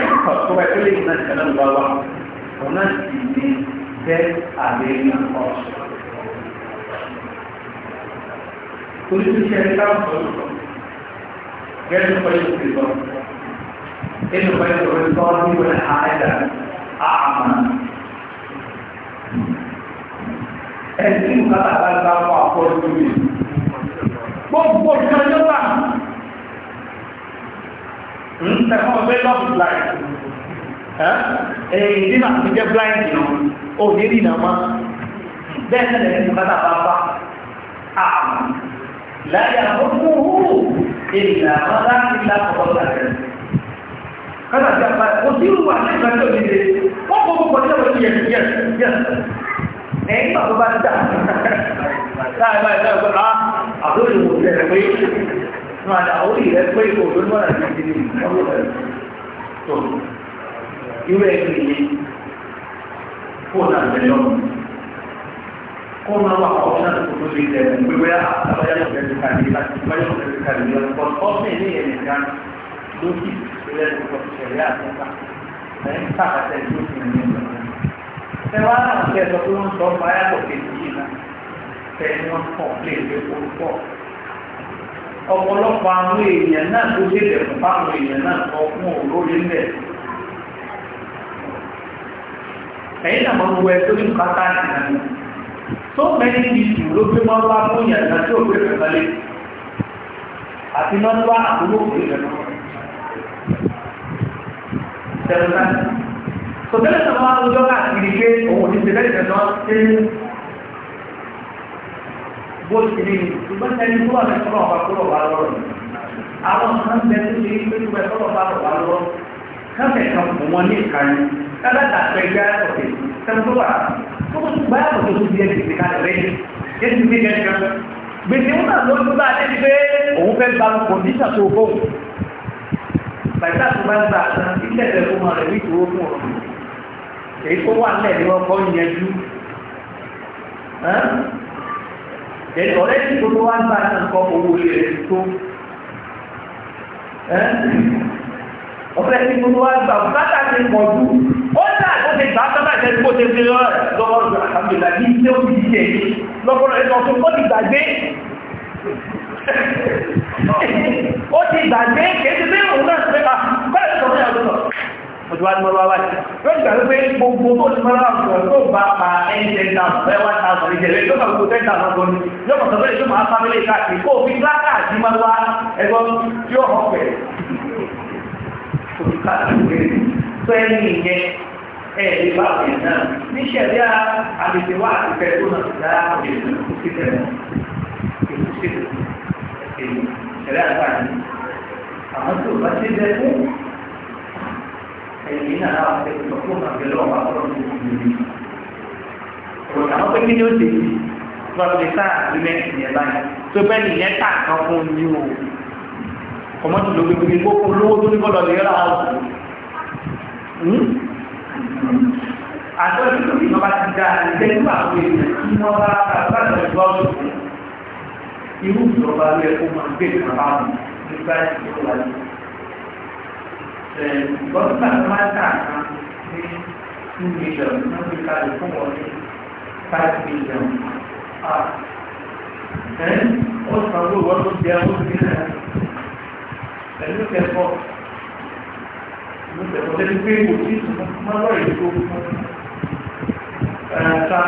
ọ̀tọ́rọ̀ tó lè ní ẹ̀sẹ̀ lọ́wọ́ wa ọ̀nà sì ní bẹ́ẹ̀ àlẹ́yìn
ọ̀ṣọ́. torí tí ṣe ẹ̀ka ń sọ lọ́wọ́ gẹ́gẹ́ pẹ̀lú ìgbìmọ̀
inú pẹ̀lú ìgbìmọ̀ ní ìwé àìdá àmà ẹ̀sìn kátàkátà wà pọ̀ lórí ń tẹ̀kọ́ pé love is blind ẹ̀yìn nínú àti jẹ́ blind yìí ò ní rí nàmá bẹ́ẹ̀ sẹ́lẹ̀ ní bàtà bá bá àmà láyé àkókò hù èèyàn àwọn láti lákòókò láti kọ́nà tí a bá kò sí ìrù wà ní ìgbàjọ́ nílé wọ́n kò kò kọjá wọ́n yẹ máa dà orí rẹ̀ pé ìwò ló mọ́ra sí ti ní ọdún tó irú ẹ̀ ní fóònù àgbẹ̀ lọ kó máa wà ọ̀ náà tó tó lè jẹ gbogbo àbájáde ọ̀fẹ́ ti kàlí láti báyọ̀ ọ̀fẹ́ ti kàlí lọ bọ́ ọ́fẹ́ ní ẹ̀ nìkan ló sì ṣẹlẹ̀ lọ́kọ̀ ṣẹlẹ̀ àtẹ́ta lẹ́yìn káàkiri tó fi ní ọ̀nà ẹwà náà kẹ́ ẹ̀ sọ pé wọ́n sọ fún ayàtọ̀ kejì yìí náà ọ̀pọ̀lọpọ̀ àwọn èèyàn náà tó débẹ̀ fún báwọn èèyàn náà sọ fún olórí ńlẹ̀. ẹ̀yìn náà mọ̀ wọ tó ní bùkátà ìlànà tó mẹ́rin ní ìlú ló gbé máa ń wá fún ìyàtọ̀ tí ò gbé fẹ̀fẹ̀ lé àti máa ń wá àbúrò òkú ìlànà. tẹ̀lé náà sọ̀tẹ́lẹ̀ náà máa ń lọ́ọ́ àti ìdíje òun ò ní ṣe bẹ́ẹ̀ bó ti rí ni ṣùgbọ́n ẹni tó wà ní tọ́lọ̀ ọba tọ́lọ̀ ọba lọ́rọ̀ ni àwọn kan bẹ tó ṣe pé tó bẹ tọ́lọ̀ ọba lọ́rọ̀ lọ́rọ̀ di ẹ̀sìn ti kalẹ̀ lẹ́yìn ẹ̀sìn ti gbẹ̀gẹ̀ kan gbèsè wọn náà ló dúró adé ti pé òun fẹ́ gba kòndíṣà tó kó bàtà tó bá gbà tán ìtẹ̀tẹ̀ fún wọn rẹ̀ wíṣọ owó fún ọ Then already gbogbo wa ń bá a nǹkan owó rẹ̀ tó. Ọ̀fẹ́ tí gbogbo wa gbà bàtà ti pọ̀ jù. Ó dà kó ṣe gbà sábà ṣe kó ṣe fi lọ rẹ̀ lọ́wọ́ rẹ̀ àkàndùlà ní ilé òbí yẹ yìí. Lọ́kọ́ rẹ̀ lọ fún kọ́tì gbàgbé. Ó ti gbàgbé kéde bí òun náà ṣe bá bẹ́ẹ̀ sọ̀rọ̀ yàtọ̀ ọjọ́ adúmọ̀lá wá sí. Wọ́n gbà pé gbogbo tó ti mọ́lá ọ̀sán tó bá pa ẹni ten thousand bẹ́ẹ̀ one thousand ní ìjẹ̀lẹ̀ yóò kà gbogbo ten thousand lọ́nà yóò kà sọ́dọ̀ èso máa fámílì káàkiri kó fi gíláàkà àti máa wá ẹgbọ́ tí ó hàn pẹ̀. Tó ẹni ìyẹn ẹ̀ lè bá ọ̀rẹ́ náà ní ṣẹ̀dá àgbègbè wa àti fẹ́ tó náà dá ọ̀rẹ́ náà kó sí tẹ̀lé ṣẹ̀dá àgbà ẹ̀yìn náà wà pẹ̀lú ọkùnrin àti ọlọ́wọ́ àkọ́rọ́ tó ti di. Òròyìn àwọn pé kí ni ó ti di? Lọ́dún ti sáà ní mẹ́sìn yẹn báyìí. Tó bẹ́ẹ̀ ni ìyẹn tà kan fún ní o. Kọ̀mọ́tò ló gbé gbé gbókò lówó tó ní bọ́lọ̀ lè rà á wù. Àjọ ìṣòro ìjọba ti da ìtẹ́jú àwọn èèyàn tí wọ́n bá bá lọ́jọ́ ìrú ìjọba ló yẹ kó máa gbé ìjọba nígbà tí ó wà lọ́wọ́ gọ́ọ̀mà máa tà kan ní two million ní wọ́n fi kalẹ̀ fún wọn ní five million ó san owó ìwọ́n tó jẹ owó sí náà pẹ̀lú kẹfọ́ ìlú kẹfọ́ lẹ́nu pé kò sí mọ́lọ́ ìlú fún ẹ̀ka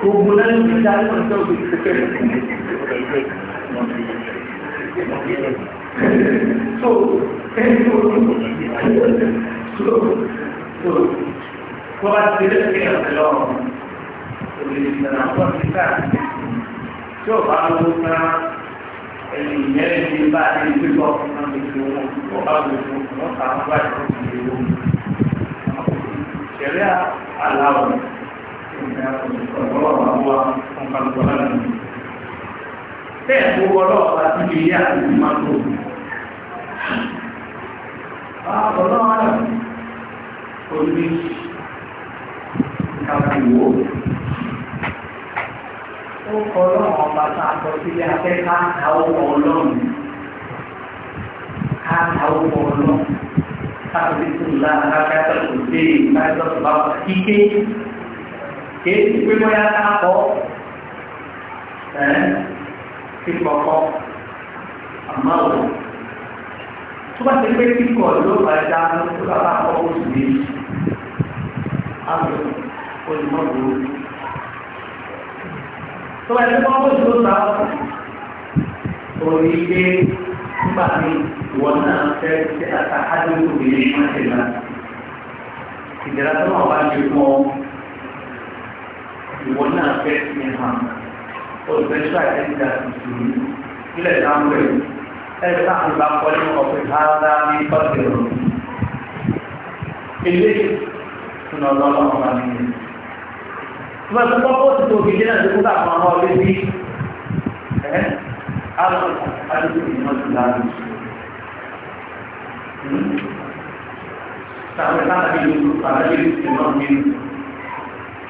gbogbo lẹ́nu tí ìdá ní ọjọ́ òbí ti fẹ́ so tó bá ti lé ní ọ̀sẹ̀ lọ́wọ́
òlìṣẹ́ náà pọ̀ síta tí ó bá ló ná ẹ̀yìn yẹn ní bá ní pípọ̀ náà ní ti owó tó bá lè fún wọn kà wọn bá yọ sí owó ìṣẹ̀lẹ̀ aláwọ̀ ọ̀pọ̀lọpọ̀ àwọn ọ̀pọ̀lọpọ̀ lánàá bẹ́ẹ̀ tó wọ́n lọ́wọ́ bá ti lè yá àti máa
ọlọ́run
olùbí kàkùwò ó kọ ọlọ́run ọba tá a sọ sílé afẹ́ ká àwọ̀ ọlọ́run ká àwọ̀ ọlọ́run káàkiri tó lára káàkiri tó dé ìgbàjọ́ tó bá wà kíké kéé ti pé bóyá tó bá ti pé kíkọ̀ ló bá dá tó
bá bá kọ́ oṣù yìí àwọn olùmọ̀gbò
tó bá ti kọ́ oṣù tó ta orí dé nígbà tí wọ́n náà fẹ́ ṣe àtàkádé obìnrin máa ṣe náà ìjẹ́ra tó náà bá ṣe fún ọ ìwọ náà fẹ́ ṣe hàn olùfẹ́ ṣáà ẹ̀ka ìṣòro nílẹ̀ dáhùn rẹ̀. ẹ̀sán àgbà pọ̀lú ọ̀pẹ̀ ara ní pọ̀lú ilé ìtùnà ọlọ́run ọmọ ní ilé. Ìgbà tó kọ́kọ́ ti tó fi jẹ́nà tó kúta àwọn ọmọ ọdẹ bí ẹ́ àwọn àdúgbò ìmọ̀ tó láàrín. Sàmì láti bí ìlú àdájọ́ ìmọ̀ mi.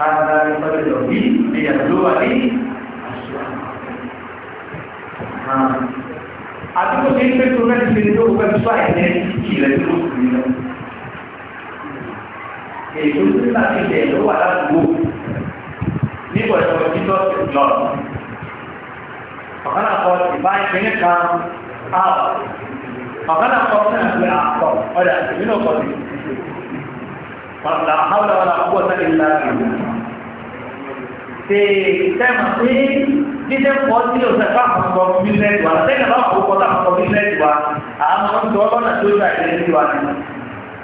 Ara ní
pọ̀lú àti
kò sí pé tó mẹ́rin ṣe ní orúkọ tó bá ìdẹ́ ìlẹ̀ tó kù ní lọ. èyí tó ní láti ilẹ̀ ló wà ládùúgbò nígbà ìṣòro títọ́ lọ. ọ̀kan àkọ ìbá ìpínlẹ̀ kan ààbò ọ̀kan àkọ náà pé àkọ ọ̀dà ìpínlẹ̀ ọ̀kọ̀ ni. Wàlá hàwùlà wàlá kúwọ́sá ìlà ìlú. Ṣé ìtẹ́mà pé títẹ́ pọ̀ sílẹ̀ òṣèlú fún àkọsọ bísíǹsì wa lọ́sẹ̀kẹ̀ bá kò kọ́ àkọsọ bísíǹsì wa àmọ́ ń tọ́ lọ́nà tó yà ilé sí wa ni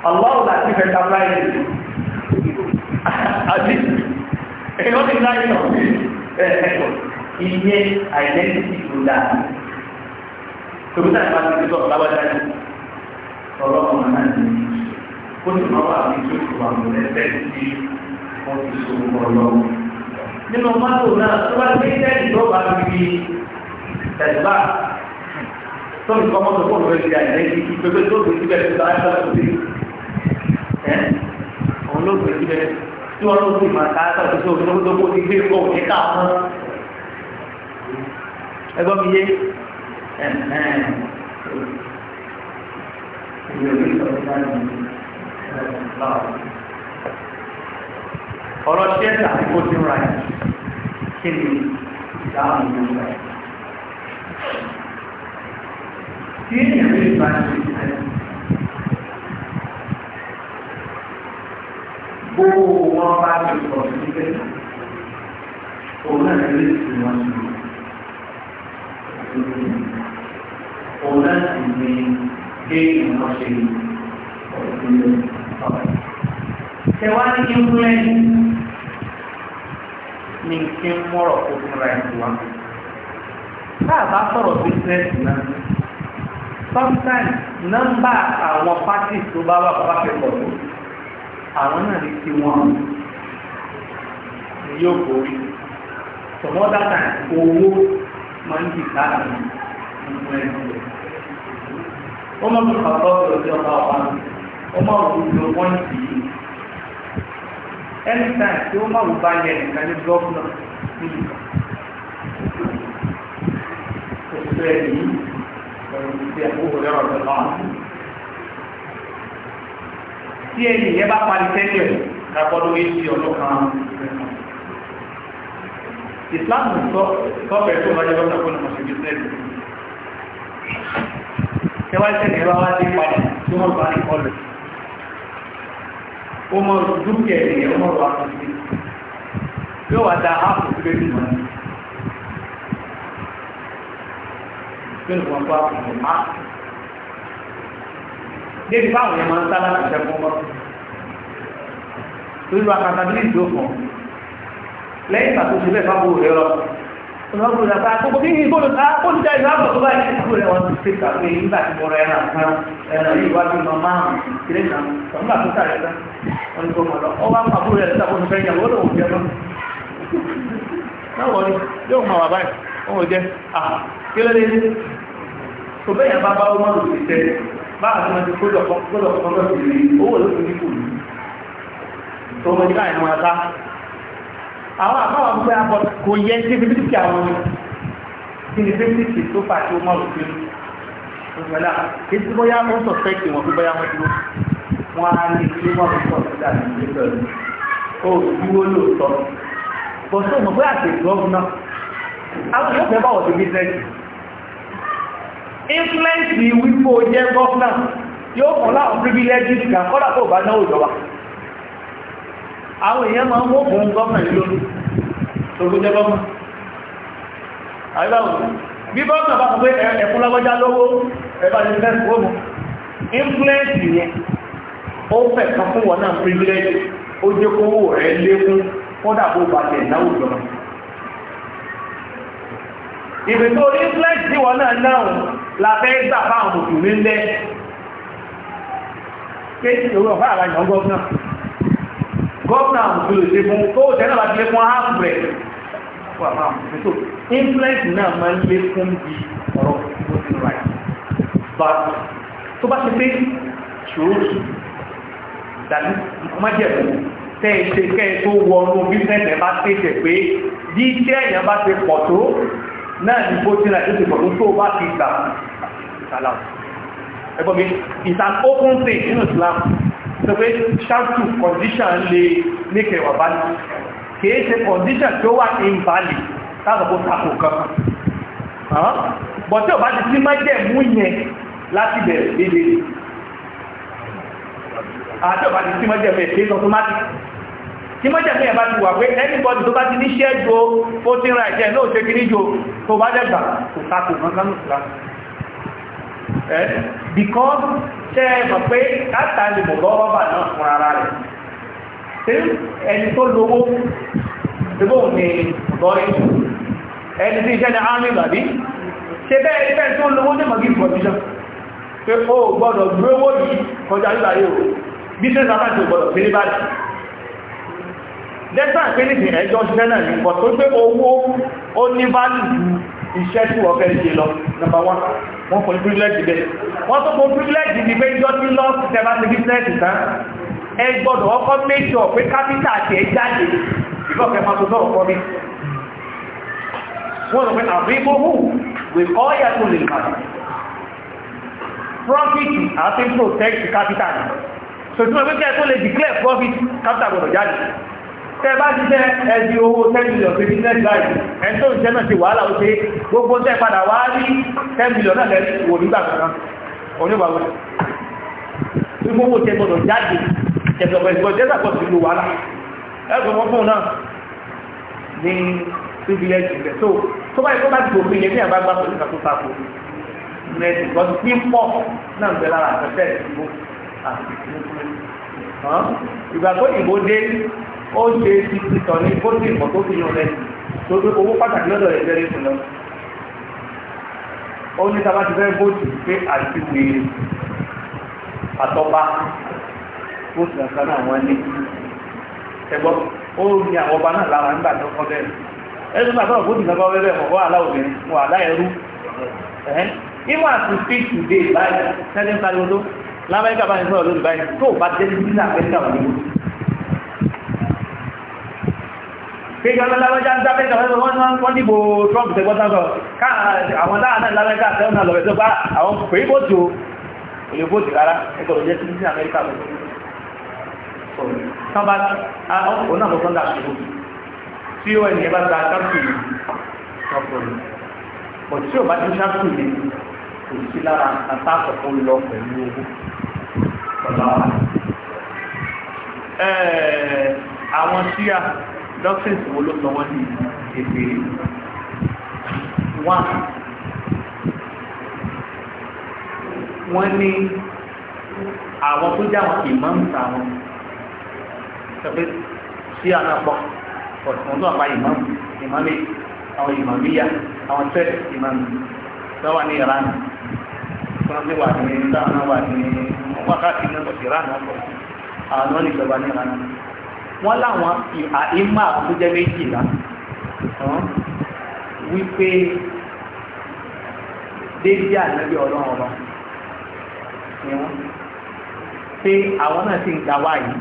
ọlọ́run láti fẹ́ tabla yìí àti èèyàn ti láyé nà iye àìlẹ́sì ló dà kòmítà ìbá ti sọ lábàjá ní ọlọ́run náà ní kó
nínú mọ́tò náà tó bá ti tẹ́lì tó
bá ti fi tẹ̀síbà tó ní kọ́ mọ́tò fóònù rẹ̀ ti àìlẹ́ yìí pépé tó fi síbẹ̀ tó bá ń sọ̀rọ̀ sí ẹ̀ òun ló fi síbẹ̀ tí wọ́n ló fi mà ká sọ̀rọ̀ sí òun tó kó ti gbé kó ní ká fún ẹgbọ́n mi yé ẹ̀ ọ̀rọ̀ tíẹ́tà ó ti ra ẹ̀
kí ni ìdáhùn ìlú rẹ̀ tí èèyàn lè bá ṣe
gbogbo wọn bá ti sọ síbẹ̀
òun náà lè fi wọn sí òun náà sì ní kéèyàn wọn ṣe ọ̀sìn ọ̀sìn. Tẹ̀wá ní influence
ní kí ń mọ̀rọ̀ kó fún ra ẹni wa. Táà bá sọ̀rọ̀ bísíǹsì náà, sometimes nọ́mbà àwọn pátì tó bá wà bàbá fẹ́ pọ̀ tó, àwọn náà ní kí wọ́n ní yóò borí. Some other time, owó máa ń jì sáà ní ìlú ẹni rẹ̀. Ó mọ̀ nípa bọ́ọ̀lù ọjọ́ bá wà, ó mọ̀ òun lo pọ́ǹtì yìí anytime tí ó máa wù bá yẹ nìkan ní gọ́ọ̀nà níbi kan òṣìṣẹ́ yìí ọ̀rọ̀ ìṣẹ́ àkókò lẹ́rọ̀ ọ̀sẹ̀ náà tí ẹni yẹn bá parí tẹ́lẹ̀ kakọ́dọ̀ èsì ọ̀dọ́ kan ìsìláàmù sọ́fẹ̀ẹ́ tó máa jẹ́ lọ́sàkó ní mọ̀ṣẹ̀bí sẹ́ẹ̀lì tẹ́wàá ìṣẹ̀lẹ̀ bá wá dé padà tí wọ́n bá ní kọlù ó mọ dúkìá ènìyàn ó mọ wà lórí yóò wá da áàpù sílé ní ìmọ̀ ní sínú wọn kó áàpù ní áàpù débi báwọn yẹn máa ń sá láti ṣe fún wọn lórí wa lẹ́yìn ìgbà tó ìwọ́n gbọ́dọ̀ ká gbogbo kí n gbọ́dọ̀ ká ó ti dá ìlú àbọ̀ tó báyìí kúrò rẹ̀ wọ́n ti ṣe kàwé nígbà tí mo rẹ̀ ẹ̀rọ àgbọn ẹ̀rọ yìí wá bí màmá ìdílé náà wọ́n gbà tó sàrẹ̀ sá wọ́n ní kó mọ̀ lọ ọba pàbó rẹ̀ sábà ní fẹ́ẹ́ yàwó lòun jẹ́ lọ. báwo ni yóò mọ bàbá yìí wọn ò jẹ à kí ló dé tó bẹ́ẹ̀ yẹn bá bá wọn lò sí tẹ báà tí wọ́n ti kó lọ́kọ́ lọ́kọ́ lọ́kọ́ àwọn àbáwọn gbé abọ́ kò yẹ ní fífífì àwọn ní fífífì tó fà tí ó mọ̀ òfin ọ̀gbẹ̀lá ètò bóyá wọ́n sọ fẹ́ẹ̀kì wọn tó bóyá wọ́n dúró wọn á ní ilé wọn kò sọ sílẹ̀ àti ilé pẹ̀lú ó dúró lóòótọ́ bọ̀ tó mọ̀ bóyá àti gọ́ọ̀nà àwọn yóò fẹ́ báwọ̀ sí bísẹ́ẹ̀sì influence wípé o jẹ́ gọ́ọ̀nà yóò kọ́ láwọn privilege kan kọ́dà tó bá náwó ìjọba àwọn èèyàn máa ń wó fún gọ́ọ̀mà lórí tòkúnjẹ́ gọ́ọ̀mà àríbáwò bí gọ́ọ̀mà bá fún pé ẹ̀kún lọ́gbọ́já lówó ẹ̀bá ti fẹ́ fún òmù influence yẹn ó fẹ́ kan fún wọn náà privilege ó jẹ́ kówó rẹ̀ lékún kódà bó balẹ̀ náwó jọmọ́ ìrètò influence tí wọn náà náà la fẹ́ gbà fáwọn gọ́ọ̀nà òfin lè ṣe fún tó tẹ́lẹ̀ bá ti lé fún half bread wà máa mú so influence náà máa ń lé fún bí ọ̀rọ̀ voting right but tó bá ti pé ṣòro dàbí ọmọdébù tẹ́ ẹ ṣe kẹ́ ẹ tó wọnú business ẹ bá tẹ̀sẹ̀ pé náà ní voting right tó ti tó bá ti gbà ìsàlà ẹgbọ́n mi it's an nínú Islam sọ pé ṣáàtù condition lè níkẹwà bá ní kìí ṣe condition tó wà invalid tábàkó tako kan bọ̀ tí ò bá ti sí májẹ̀mú yẹn láti bẹ̀rẹ̀ léde
àti ò bá ti
sí automatic tí májẹ̀mú yẹn bá ti wà pé anybody tó bá ti ní ṣẹ́jọ 14 right ẹ̀ náà ṣe kí níjò tó bá dẹ̀gbà kò tako kan kánú sílá because ṣe é mọ̀ pé káàtà lè mọ̀ bọ́ rọ́bà náà fún ara rẹ̀ ṣé ẹni tó lówó ṣébó ni bọ́rí ẹni tí iṣẹ́ ni army bàbí ṣe bẹ́ẹ̀ ní bẹ́ẹ̀ tó lówó ní mọ̀gí pọ̀tíṣọ́ pé ó gbọ́dọ̀ gbé owó yìí kọjá nígbà yóò business account gbọ́dọ̀ fi ní báyìí lẹ́gbàá pé níbi ẹjọ́ ṣẹ́ náà ní iṣẹ́ tí wọ́n fẹ́ ṣe lọ number wọn wọ́n fún privilege bẹ́ẹ̀ wọ́n tó fún privilege ní pé jọ́ tí lọ́ ti tẹ́ bá ti bísínẹ́sì tán ẹ gbọ́dọ̀ ọkọ́ méjọ pé kápítà àti ẹ jáde ìgbọ́kẹ́ máa tó sọ̀rọ̀ kọ́ mi wọ́n lọ pé àbíbóhù wè kọ́ yàtò lè mà profit àti protect capital so tí wọ́n pé kí ẹ tó lè declare profit capital gbọ́dọ̀ jáde tẹ bá ti jẹ ẹdi owó ten million fi business life ẹni tó ń jẹ náà ti wàhálà ó ṣe gbogbo tẹ padà wá rí ten million náà lẹ wò nígbà kankan oníbàwọ tí gbogbo tẹ gbọ́dọ̀ jáde tẹsọpọ ìgbọ jẹ sàkó sí lu wàhálà ẹgbẹ́ wọn fún un náà ní privilege rẹ tó tó báyìí tó bá ti gbòmí yẹn ní àbágbá pẹ̀lú ìkàtó sáfò nẹẹsì gbọ́dọ̀ pípọ náà ń bẹ lára àtẹtẹ ìgbò ah, àti ìgbà tó ìgbò dé ó ṣe ti títọ̀ ní bó ti mọ̀ tó fi yàn lẹ́nu tó owó pàtàkì lọ́dọ̀ rẹ̀ bẹ̀rẹ̀ fún lọ. ó ní sábà ti fẹ́ bóòtù pé àti wèrè àtọ́ba
bóòtù nǹkan náà wọ́n ní.
ẹ̀gbọ́n ó ní àwọn ọba náà lára nígbà tó kọ́ bẹ́ẹ̀. ẹ̀sùn náà sọ̀rọ̀ bóòtù nǹkan bẹ́ẹ̀ mọ̀ wọ́n kéjọ lọ́lábẹ́já ń dábẹ́ ìjọba wọ́n dìbò Trump tẹgbọ́tàkọ̀ àwọn dáadáa lábẹ́já tẹ́ọ̀nà lọ́wẹ́ tó bá àwọn pèé bóòtù olè bóòtù rárá ẹgbọ̀rọ̀ jẹ́ sí Amẹ́ríkà lọ́wọ́ sọ́bá ọ̀nà àkọ́kọ́ dà ṣubú tí ó ẹni ẹbá gba kápsù ọ̀pọ̀lù bọ̀ tí ó bá ti kápsù ní kò sí lára àtà àkọ́kọ́ lọ doctrines wo ló sọ wọ́n ní èdè wọ́n wọ́n ní àwọn tó jẹ́ àwọn ìmáàmù táwọn sọ pé sí ànápọ̀ ọ̀sán tó àpá ìmáàmù ìmáàmì àwọn ìmáàmìyà àwọn tẹ́lẹ̀ ìmáàmù lọ́wọ́ ní ìran wọ́n ti wà ní táwọn wà ní wákàtí náà kò sí ìran náà kọ̀ àwọn ìjọba ní ìran náà wọ́n láwọn ìhà ìmọ̀ tó jẹ́ méjìlá wípé déédé ànábì ọlọ́run ọba ni wọ́n pé àwọn náà ti ń gba wáyé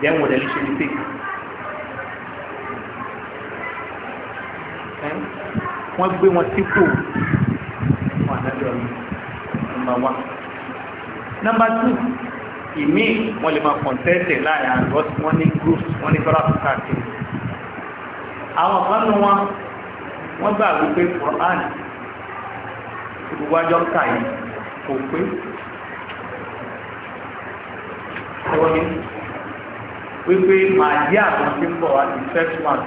jẹ́wọ̀n ọ̀dẹ̀ lè ṣe ní pé wọ́n gbé wọn sípò wọn ànábì ọlọ́run nọ́mbà one nọ́mbà two ìmí wọ́n lè máa kọ̀ǹtẹ́ẹ̀tẹ̀ láàrin àjọ tí wọ́n ní groups wọ́n ní tọ́lá fún káàkiri àwọn kan nù wọn wọ́n gbà wípé Quran ìgbàjọ́ ká yìí kò pé ẹwọ́n wípé màá yí àwọn tí ń bọ̀ wá ní first one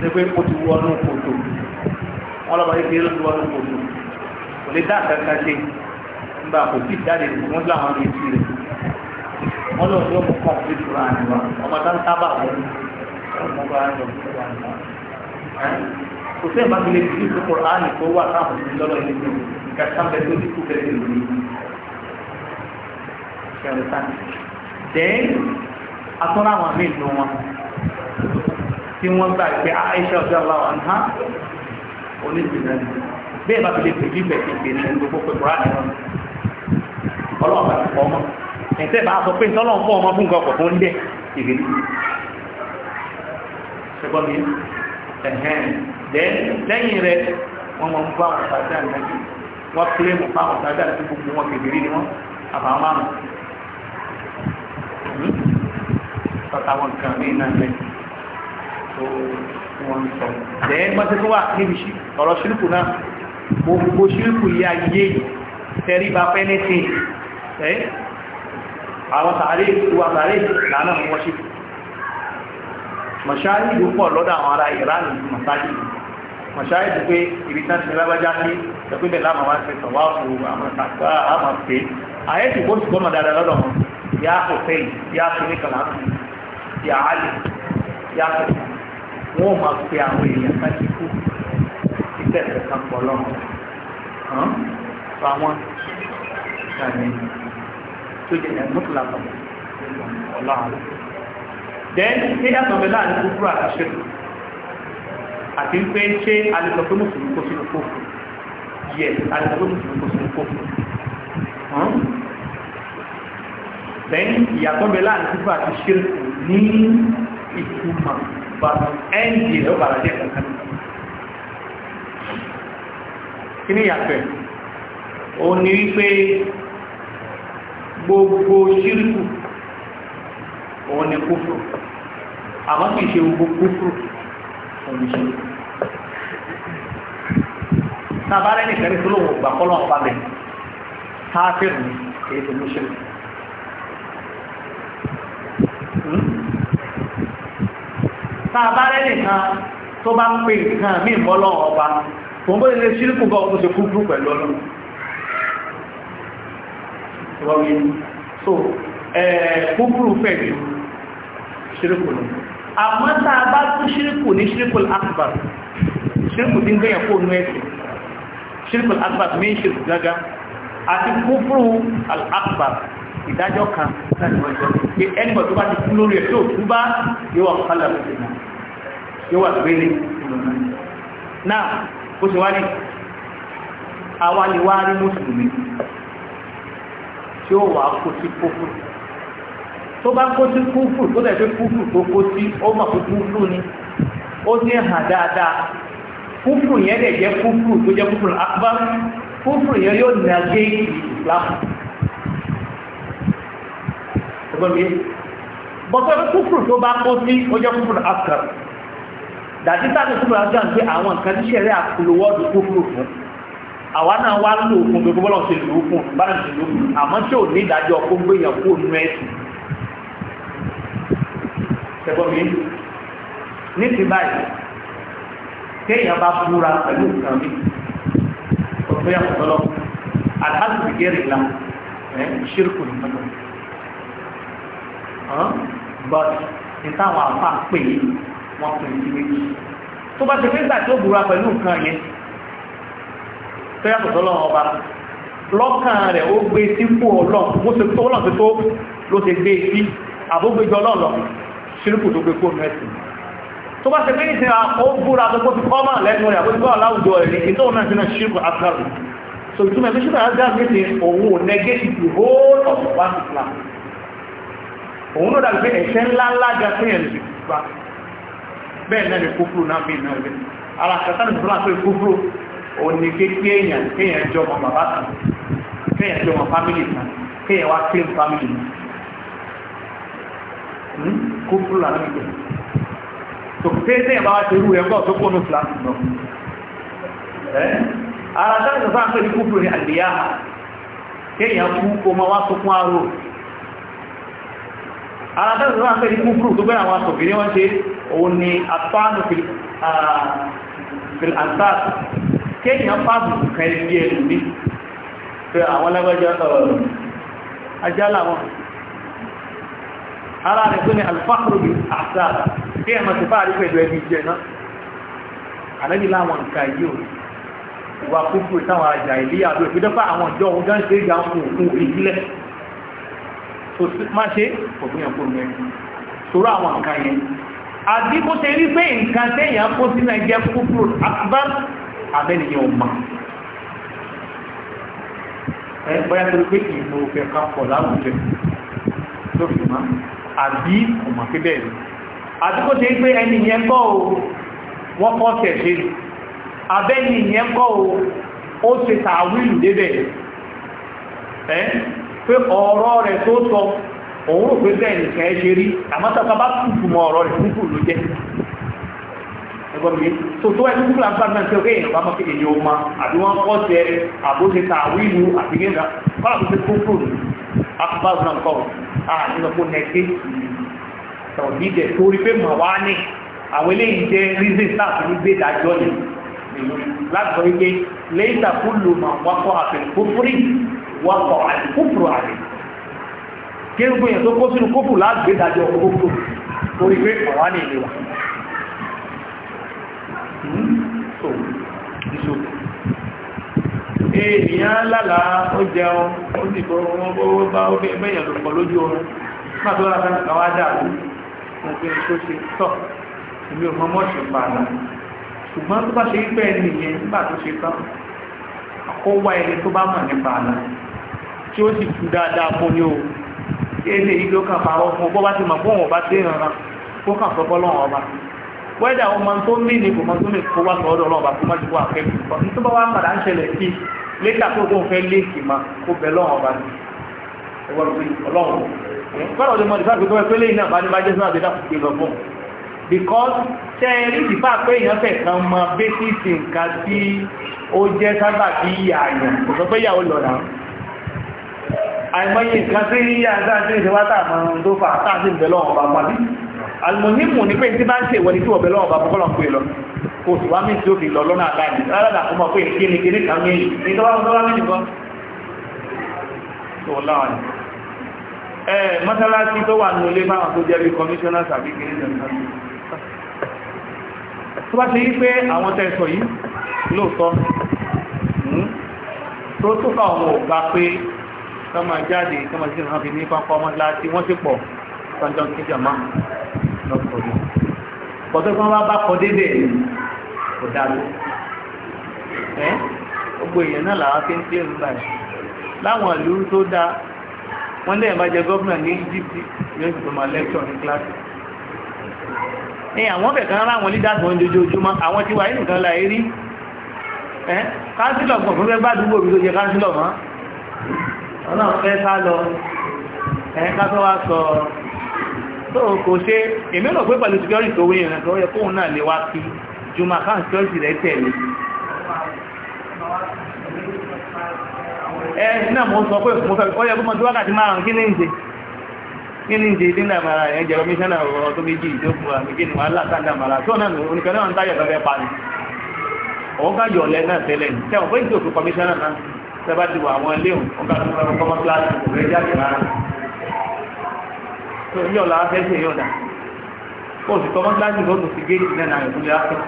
ṣe pé ó ti wọnú kòtò wọ́n lọ́ba yìí kéré ló ti wọnú kòtò kò lè dá àkàkà ṣe nígbà kò tí ì jáde wọ́n gbà wọn ní ìsirè wọn lọ yóò mú kọ̀ sí ìtura àníwá ọmọ tó ń sábà wọ́n mú kọ̀ sí ìtura àníwá. kò sí ìbá mi lè fi ìlú kọ̀ á nìkó wà káàmù sí lọ́dọ̀ ilé mi kà sábà tó ti kú bẹ́ẹ̀ lè mi. dẹ́n atọ́nà àwọn míì ló wọn tí wọ́n gbà pé Aisha ọ̀sẹ̀ aláwọ̀ ọ̀nà oníṣìṣẹ́ bẹ́ẹ̀ bá fi lè pèlú ìbẹ̀ kékeré ní gbogbo pẹ̀lú àníwá ọlọ́ọ̀bà ẹ̀tẹ́ bá sọ pé ìtọ́lọ̀ ń fọ́ ọmọ fún ọkọ̀ tó ń dẹ̀ ìrìlú ṣẹgbọ́n mi ẹ̀hẹ́n lẹ́yìn rẹ̀ wọ́n mọ̀ ń bá àwọn sàdá ìdájú wọ́n kílé mọ̀ fáwọn sàdá àti gbogbo wọn kèbèrè ni wọ́n àbáwọn márùn hmm? tọ́ta wọn kan ní iná rẹ̀ tó wọ́n sọ lẹ́yìn gbọ́n tó wà níbi ọ̀rọ̀ ṣírùkù náà gbogbo ṣírùkù yìí ayé àwọn tààrí ìwà tààrí ìlànà wọ́ṣí
mọ̀ṣáàrí ìlú pọ̀
lọ́dọ̀ àwọn ará ìran ìlú mọ̀ṣáàrí mọ̀ṣáàrí ti pé ibi tán ti lábájá sí ẹgbẹ́bẹ̀ láàmà wá sí sọ̀wá òkú àwọn tàkà àmà pé ayé ti kó ṣùgbọ́n mọ̀dára lọ́dọ̀ wọn yá hòtẹ́ẹ̀lì yá kíní kàlámù yá àlè yá kẹta wọn ò máa pe àwọn èèyàn ká ti kú títẹ̀ ẹ̀ka pọ̀ lọ́wọ́ àwọn tó jẹ́ ẹ̀ mọ́tòlá kan ọ̀la àlọ́ then ṣé yàtọ̀ bẹ láàrin kúkúrú àṣẹ àti pé ṣé alẹ́sọ pé mùsùlùmí kó sínú kófù yẹ then ìyàtọ̀ bẹ láàrin kúkúrú àti ṣírkù ní ìtumọ̀ bàtà ẹ́ǹdì rẹ̀ bàrà jẹ́ kankan kí ni yàtọ̀ ẹ̀ òun ni wípé gbogbo ṣírìkù òun ni kúfù àmọ́ kì í ṣe gbogbo kúfù òun ni ṣírìkù tabarẹ ní ìfẹ́rí fúlò wò gbà kọ́lọ́ ọ̀pá bẹ̀ káfíìrì èyí tó lóṣèlú. tabarẹ nìkan tó bá ń pè nǹkan mí ìmọ́lọ́ ọba tòun bó lè ṣírìkù bá ọkùnrin ṣe kúrú pẹ̀lú ọlọ́run wọ́n yé ni so kúkúrú fẹ́ ju ṣírìkù lọ
àmọ́ a bá tún ṣírìkù
ní ṣírìkù akbar ṣírìkù tí ń gbẹ̀yàn kó nú ẹ̀sìn ṣírìkù akbar mí ṣírìkù gágá àti kúkúrú akbar ìdájọ́ kan láti wọ́n jọ pé ẹnìbọ̀ tó bá ti kú lórí ẹ̀ tó kú bá yóò wà kálà lórí náà yóò wà gbélé náà ó ti wá rí mùsùlùmí tí ó wà kó sí kófù tó bá kó sí kófù tó dẹ̀ fi kófù tó kó sí ó mọ̀ pé kófù ni ó ní hàn dáadáa kófù yẹn lè jẹ́ kófù tó jẹ́ kófù akbar kófù yẹn yóò nà gé ìsìlámù ọgbọ́n mi bọ́tọ́ bí kófù tó bá kó sí ó jẹ́ kófù akbar dàdí sáà ní kófù akbar pé àwọn nǹkan tí sẹ́rẹ́ àkùlówọ́dù kófù fún àwa náà wá lò fún gbogbo bọ́lá ṣe lò fún bára ṣe lò fún àmọ́ tí ò ní ìdájọ́ kó ń gbéyàn kó nu ẹ̀sìn ṣẹ̀gbọ́n mi ní ti báyìí kéèyàn bá búra pẹ̀lú nǹkan mi ọ̀fẹ́ ọ̀tọ́lọ́ alhassan gẹ́rì la ṣírkù ní mẹ́tọ́ but ní táwọn àfa pè é wọ́n pè é sí méjì tó bá ṣe fẹ́ gbà tó búra pẹ̀lú nǹkan yẹn fẹ́ àtọ̀tọ̀ lọ́wọ́ ọba lọ́kàn rẹ̀ ó gbé sípò ọlọ́run bó ṣe tó ọlọ́run tó ló ṣe gbé sí àbógbéjọ ọlọ́run lọ ṣírùkù tó gbé kóòmù ẹ̀sìn tó bá ṣe pé ìsìn ó búra tó kó ti kọ́ máa lẹ́nu rẹ̀ àbójúgbọ́ aláwùjọ rẹ̀ ní ìtọ́ náà sínú ṣírùkù asgari so ìtumọ̀ ẹ̀mí ṣírùkù asgari ní ti òun ò negate the whole of one islam òun náà dàbí ẹ̀ṣẹ̀ ńlá ńlá ga fún ẹ̀ bẹ́ẹ̀ náà ni kúfúrú náà bí náà òun ni kékeré èèyàn kéèyàn jọ ọmọ bàbá kan kéèyàn jọ ọmọ fámìlì kan kéèyàn wá claim fámìlì mi kó fúlù àná ìgbẹ́ tòkùté téèyàn bá wá ṣe irú ẹgbọ́ tó kónú fúlàsì lọ ara dáàbò sáà pé ní kúfùrù ní àlìyá kéèyàn kú kó máa wá sunkún aró ara dáàbò sáà pé ní kúfùrù tó bẹ́ẹ̀ àwọn asòfin ni wọ́n ṣe òun ni apáànù fìlànsáàtì ah, kéèyàn fáàbù kan ẹbí ẹ̀lú ní pé àwọn lágbàjá ọ̀rọ̀ ajá làwọn ara rẹ̀ tó ní alfáàrùbí àtàrà bí ẹ̀mọ̀ ti fáàrí pẹ̀lú ẹbí jẹ náà àlẹ́bí láwọn nǹkan yìí ò wà kúkú táwọn àjà ìlú àbí òfìdọ́fà àwọn ìjọ ohun gán ṣe ìgbà fún òkú ìbílẹ̀ tó má ṣe òfin ẹ̀kọ́ abẹ́nìyàn ọmọ ẹ bóyá tó pé ìlú òfin kan pọ̀ láwùjọ tó fi mọ́ àbí ọmọ pé bẹ́ẹ̀ ni àti kó ṣe pé ẹni yẹn kọ́ o wọ́n kọ́ tẹ̀ ṣe abẹ́ni yẹn kọ́ o ó ṣe tàwílù débẹ̀ ẹ́ pé ọ̀rọ̀ rẹ̀ tó sọ òun rò pé bẹ́ẹ̀ nìkan ẹ ṣe rí àmọ́tàkà bá kùkù mọ ọ̀rọ̀ rẹ̀ kúkù ló jẹ́ ẹgbọ́n mi tó tó wáyé kúkúrú àgbàgbà tí ó kéèyàn bá mọ́ kéèyàn yóò ma àbí wọ́n kọ́ jẹ àbóṣe ta àwílù àti gẹ́gà kọ́lá tó ṣe kúkúrú akọ́bá náà kọ́ àtìlọ́pọ̀ nẹ́gbẹ́ tàbí jẹ torí pé mọ̀ wá ní àwọn eléyìí jẹ́ rízìn sáàtì ní gbé dájọ́ ni láti sọ wípé lẹ́yìn tàkúlù mà wákọ̀ àfẹ́kúfúrì wákọ̀ àfẹ́kúfúrù àrẹ kí gbogbo èèyàn tó kó sínú kófù láàgbé dájọ́ kófù torí pé mọ̀ wá ní ìlú wa èèyàn lálàá ó jẹun ó sì bọ́ wọn bọ́wọ́ bá ó bẹ́yàn tó pọ̀ lójú tó lára fẹ́ àwọn tó ṣe tọ̀ mọ́ọ̀ṣì pààlà ṣùgbọ́n tó bá ṣe pẹ́ nìyẹn nígbà tó ṣe tán wá ẹni tó bá mọ̀ tí o ilé yìí ló kàn parọ́ fún ọgbọ́n bá ti mọ̀ fún ọba wẹ́dà ọmọ tó létà tó tó ń fẹ́ léèkì ma kó bẹ lọ́wọ́ ọba ni ẹgbẹ́ rẹ̀ pé ọlọ́run fọ́nà ọdún mọ́tò fáfi gbọ́dọ̀ pé lẹ́yìn náà bá ní máa jẹ́ sínú àbẹ́dá kò gbé lọ fún un because tẹ́ẹ̀rí ti fà pé èèyàn fẹ̀ kan mọ bẹ́sìsì nǹkan tí ó jẹ́ sábà bí ìyá àyàn kò sọ pé ìyàwó lọ rà àìmọye nǹkan tí ìyá àti àti ìṣẹ́wátà mọ́ tó fà á sáà sí ìbẹ̀lọ́ ọ̀pá pàdé alùmọ̀nímù ní pé tí bá ń ṣe ìwọ̀n ní tí ọ̀bẹ̀ lọ́wọ́ bá bọ́kọ́ lọ́n pè lọ kò sì wá mí tí ó fi lọ lọ́nà àbáyé rárá kó mọ̀ pé kí ni kí ni kà mí ní tó bá wọn lọ́wọ́ mí nìkan tó láwọn ni ẹ mọ́sálásí tó wà nínú ilé báwọn tó jẹ́ bí kọmíṣánná tàbí kí ni tó bá ṣe yí pé àwọn tẹ́ sọ yìí lóòótọ́
hmm, tó tó bá wọn ò
gbà pé kọ́mọ jáde kọ́mọ sí ìrànlọ́bí ní pápá ọmọ wọ́n sì pọ̀ lọ́kọ̀ọ́dún pọ̀tọ́ fún wa bá kọ dédé ẹ̀ kò dàrú
ẹ́ gbogbo
èèyàn náà làwọn fi ń pè ń báyìí láwọn ìlú tó dá wọ́n lẹ́yìn bá jẹ gọ́vùnà ní Egypt yóò sì tó máa lẹ́kṣọ̀ ní kíláàsì
ẹ àwọn bẹ̀ẹ̀ kan ráwọn lídàtí wọn
jojoojúmọ́ àwọn tí wà nínú kan láì rí ẹ káńsílọ̀ kan fún fẹ́ bá dúgbò mi tó jẹ káńsílọ̀ mọ́ ọlọ́run fẹ́ sá lọ ẹ ká tó wá so kò ṣe èmi rò pé pẹ̀lú security tó wíyàn rẹ̀ tó yẹ kóhun náà lè wá kí jùmọ̀ account security rẹ̀ tẹ̀lé
ẹ náà mo sọ pé mo
fẹ́ ọ yẹ kó mọ tí wákàtí márùn-ún kí ní ń ṣe kí ní ọ̀rọ̀ tó méjì ìjókòó àmì kí ni wàhálà sáńdà mara tó náà oníkan náà ń táyà tó fẹ́ pa ni òun ká yọ̀ lẹ́ náà tẹ́lẹ̀ tẹ́wọ̀n pé ìjòkó kọmíṣánná náà tẹ́ bá ti wà àwọn ilé òun ọ̀gá tó fẹ́ kọ́mọ́ kíláàsì kò fẹ́
tó ní ọ̀la afẹ́ ṣe yọ̀dà
ó sì tọ́ mọ́tíláṣí ló tún fi géètì náà náà ìbúlé afẹ́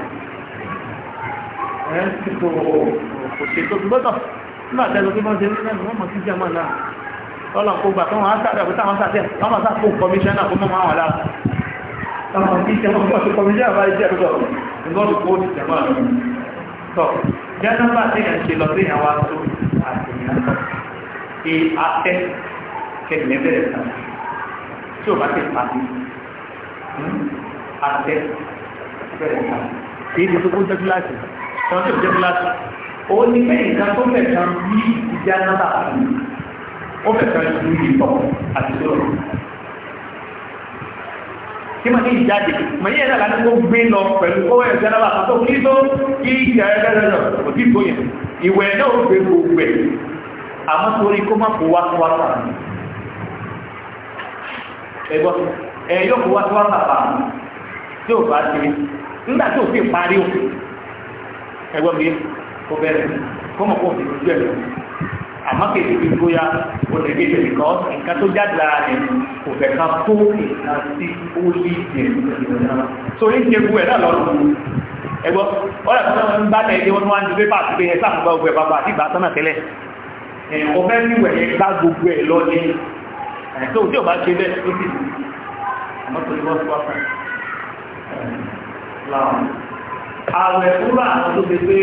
ẹ̀ ń sì tó kò ṣe tó gbọ́dọ̀ nígbà tẹ́lẹ̀ tó bá ń ṣe nígbà tí wọ́n mọ̀ sí jẹ́mọ̀ náà tọ́lọ̀ kó gbà tó wọn á sáàdà kó táwọn sáàdà wọ́n máa sáà kó kọmíṣánná kó mọ́ máa wà lára tí o bá ti pàdé hmm, àtẹ bẹ̀rẹ̀ ká kì í di tókó jẹ́ kíláàsì tí wọ́n ti jẹ́ kíláàsì ó ní bẹ́ẹ̀ nǹkan tó bẹ̀ kan bí ìjà náà ó bẹ̀ kan ju ìtọ̀ àti lọ́rọ̀ kí ma ní ìjáde mà yí ẹ̀dá láti kó gbé lọ pẹ̀lú owó ẹ̀sẹ̀ náà bàtà tó kí tó kí ìjà ẹ̀dá lọ kò tí tó yẹn ìwẹ̀ náà ó gbé gbogbo ẹ̀ àmọ́ torí kó má kó wá wá pàdé ẹgbọ́ ẹ̀yọ́ kò wá tí wọ́n bàbà mú tí ò bá ti nígbà tí òfin parí o ẹgbọ́ mi kò bẹ̀rẹ̀ kó mọ̀ kó fi ojú ẹ̀ lọ àmọ́ kéde bí bóyá o lè gbé tẹ̀lé kọ́ nǹkan tó jáde lára rẹ̀ kò fẹ́ ká tó nǹkan sí ó yí ìyẹn sórí ń jẹ́gu ẹ̀ náà lọ́dún ẹgbọ́ ọ̀rẹ́ tó ń bá tẹ̀lé wọn wá ń ju pépà pé ẹ sáà fún gbogbo ẹ̀ bàbá àti ìgbà sọ́nà tẹ́lẹ̀ ọ̀fẹ́ níwẹ̀ ẹ gbá gbogbo ẹ̀ lọ́dún ẹ̀tọ́ òdí ọba ṣe bẹ́ẹ̀ tó ti àmọ́ tó ní wọ́n fún ọkàn láwọn àwẹ̀ fúnra àwọn tó ti pé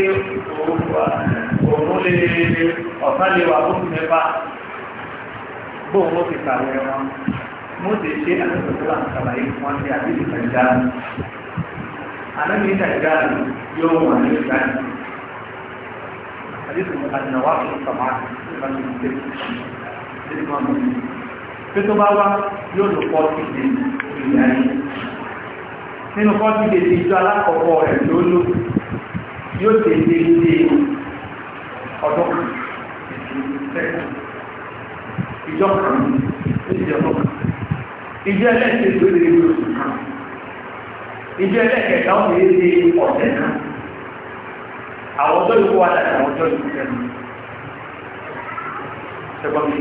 òun lè ọ̀sán lè wà fún mẹ́fà bóun ló ti kàwé wọn mo ti ṣe àtẹ̀sọ̀tẹ̀lá àkàlàyé fún wọn ní àbílì nàìjíríà àlẹ́mí nàìjíríà yóò wà ní ìdájọ́ àdéhùn àdìnàwá fún sàmáà nípa tó ń tẹ̀sí nípa mọ̀ pé tó bá wá yóò lò fọ́tí dé ìrìn ayé nínú fọ́tí dé ti ìjọ alákọ̀ọ́kọ́ rẹ̀ tó lò yóò dé dé dé ọdún ìjọ kan ìjọ kan ìjọ ẹlẹ́sìn tó lè lò sùn kan ìjọ ẹlẹ́kẹ̀ẹ́ta ó lè lè ọ̀tẹ̀ kan àwọn tó lè wọ́n àdàkà àwọn tó lè lò sẹ́nu ẹ̀kọ́ mi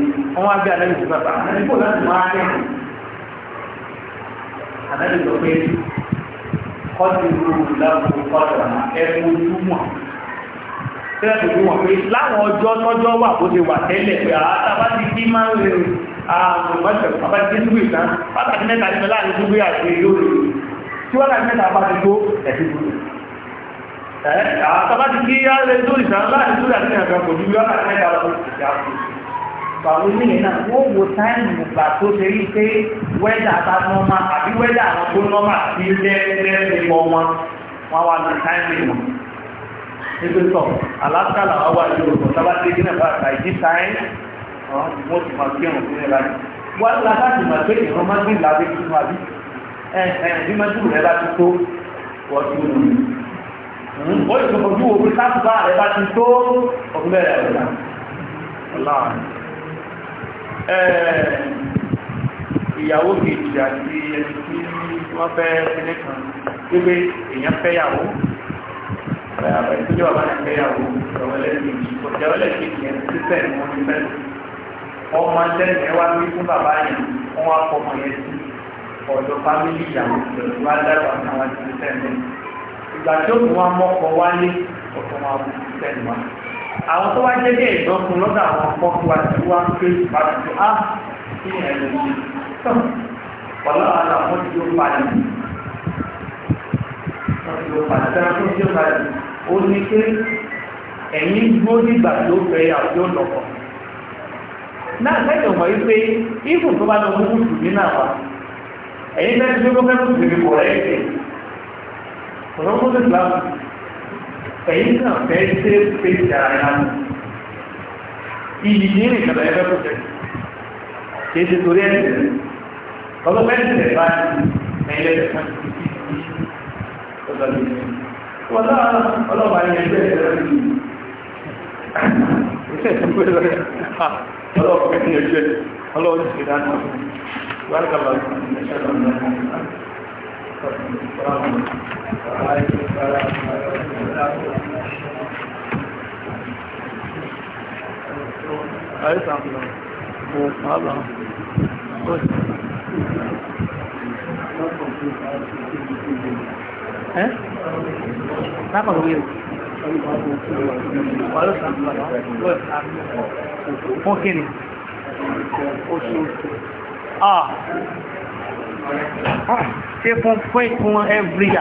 wọ́n á bí anábì tó bàbá anábì kò láti máa rẹ̀ anábì sọ pé kọ́ọ̀tù ìlú láwùjọ kọ́ọ̀tù ẹ̀kú túmọ̀ tẹ́lẹ̀ tó fún wọn pé láwọn ọjọ́ tọ́jọ́ wà bó ṣe wà tẹ́lẹ̀ pé àtàbá ti kí máa ń rẹ̀ àmọ̀mọ́sẹ̀ àbájáde nígbè tán pàtàkì mẹ́ta ní láàrin tó gbé àti yóò rẹ̀ tí wọ́n láti mẹ́ta bá ti tó ẹ̀sìn gbogbo àtàbá ti kí yá rẹ̀ tó ìtàn láàrin tó pàwọn oníyẹn náà wọ́n wo táìmù ìgbà tó ṣe rí pé wẹ́dà bá nọ́mà àbí wẹ́dà àwọn tó nọ́mà sí lẹ́ẹ̀lẹ́ẹ̀lẹ́pọ̀ wọn wọ́n wá ní táìmù ìmọ̀ nígbè sọ aláṣà làwọn wà ní òkò sábà dé ní ẹ̀fà àìjí táìmù ọ̀hún ti wọ́n ti máa gbé ọ̀hún sílẹ̀ láti wọ́n láti máa gbé ìran máa gbé ìlàwé tuntun àbí tó wọ́n ti ìyàwó kejì àti ẹni tí wọ́n fẹ́ sílé kan gbégbé èèyàn fẹ́yàwó àbẹ̀ tó jẹ́ bàbá yẹn fẹ́yàwó ìrọ̀lẹ́ kejì ìrọ̀lẹ́ kejì yẹn ti fẹ́ ìmọ̀ ní fẹ́ ọmọ lẹ́yìn ẹ wá wí fún bàbá yẹn wọ́n wá kọ́ ọmọ yẹn sí ọ̀dọ̀ fámìlì ìyàwó ìjọba wá dàgbà ní àwọn ti fẹ́ mọ́ ìgbà tí ó tún wá mọ́kọ wálé ọ̀tọ̀ wọn á bù sí fẹ́ mọ́ àwọn tó wá jẹ́ bí ẹ̀gbọ́n fún lọ́dọ̀ àwọn ọkọ̀ tó ah, wá ti wá pé padà tó
á sí ẹ̀rọ yìí tó
pọ̀lọ́ àwọn àwọn tí ó padà wọ́n ti ó padà tẹ́lá tó ti ó padà ó ní pé ẹ̀yìn gbó nígbà tó fẹ́ àwùjọ lọ́kọ̀ náà sẹ́yìn mọ̀ wípé ìfún tó bá lọ mú kùtù ní náà wá ẹ̀yìn fẹ́ẹ́ ti gbé fẹ́ kùtù ní kò ẹ̀kẹ́ ọ̀rọ̀ mọ́tò ẹ̀yìn náà fẹ́ ṣe pé dáadáa mú iyì ní ìkàtà ẹgbẹ́ kò tẹ̀ kìí ṣe torí ẹ̀sẹ̀ ọdún mẹ́rin tẹ̀ bá ẹ̀yìn lẹ́sẹ̀ kan ti fi sí ọjọ́ ìlú wọn náà ọlọ́pàá ní ẹgbẹ́ ẹ̀rọ ìlú ọlọ́pàá ní ẹgbẹ́ ọlọ́pàá
ní ẹgbẹ́ Fún Ah! ah
ṣe fún fún ẹ̀fún àbí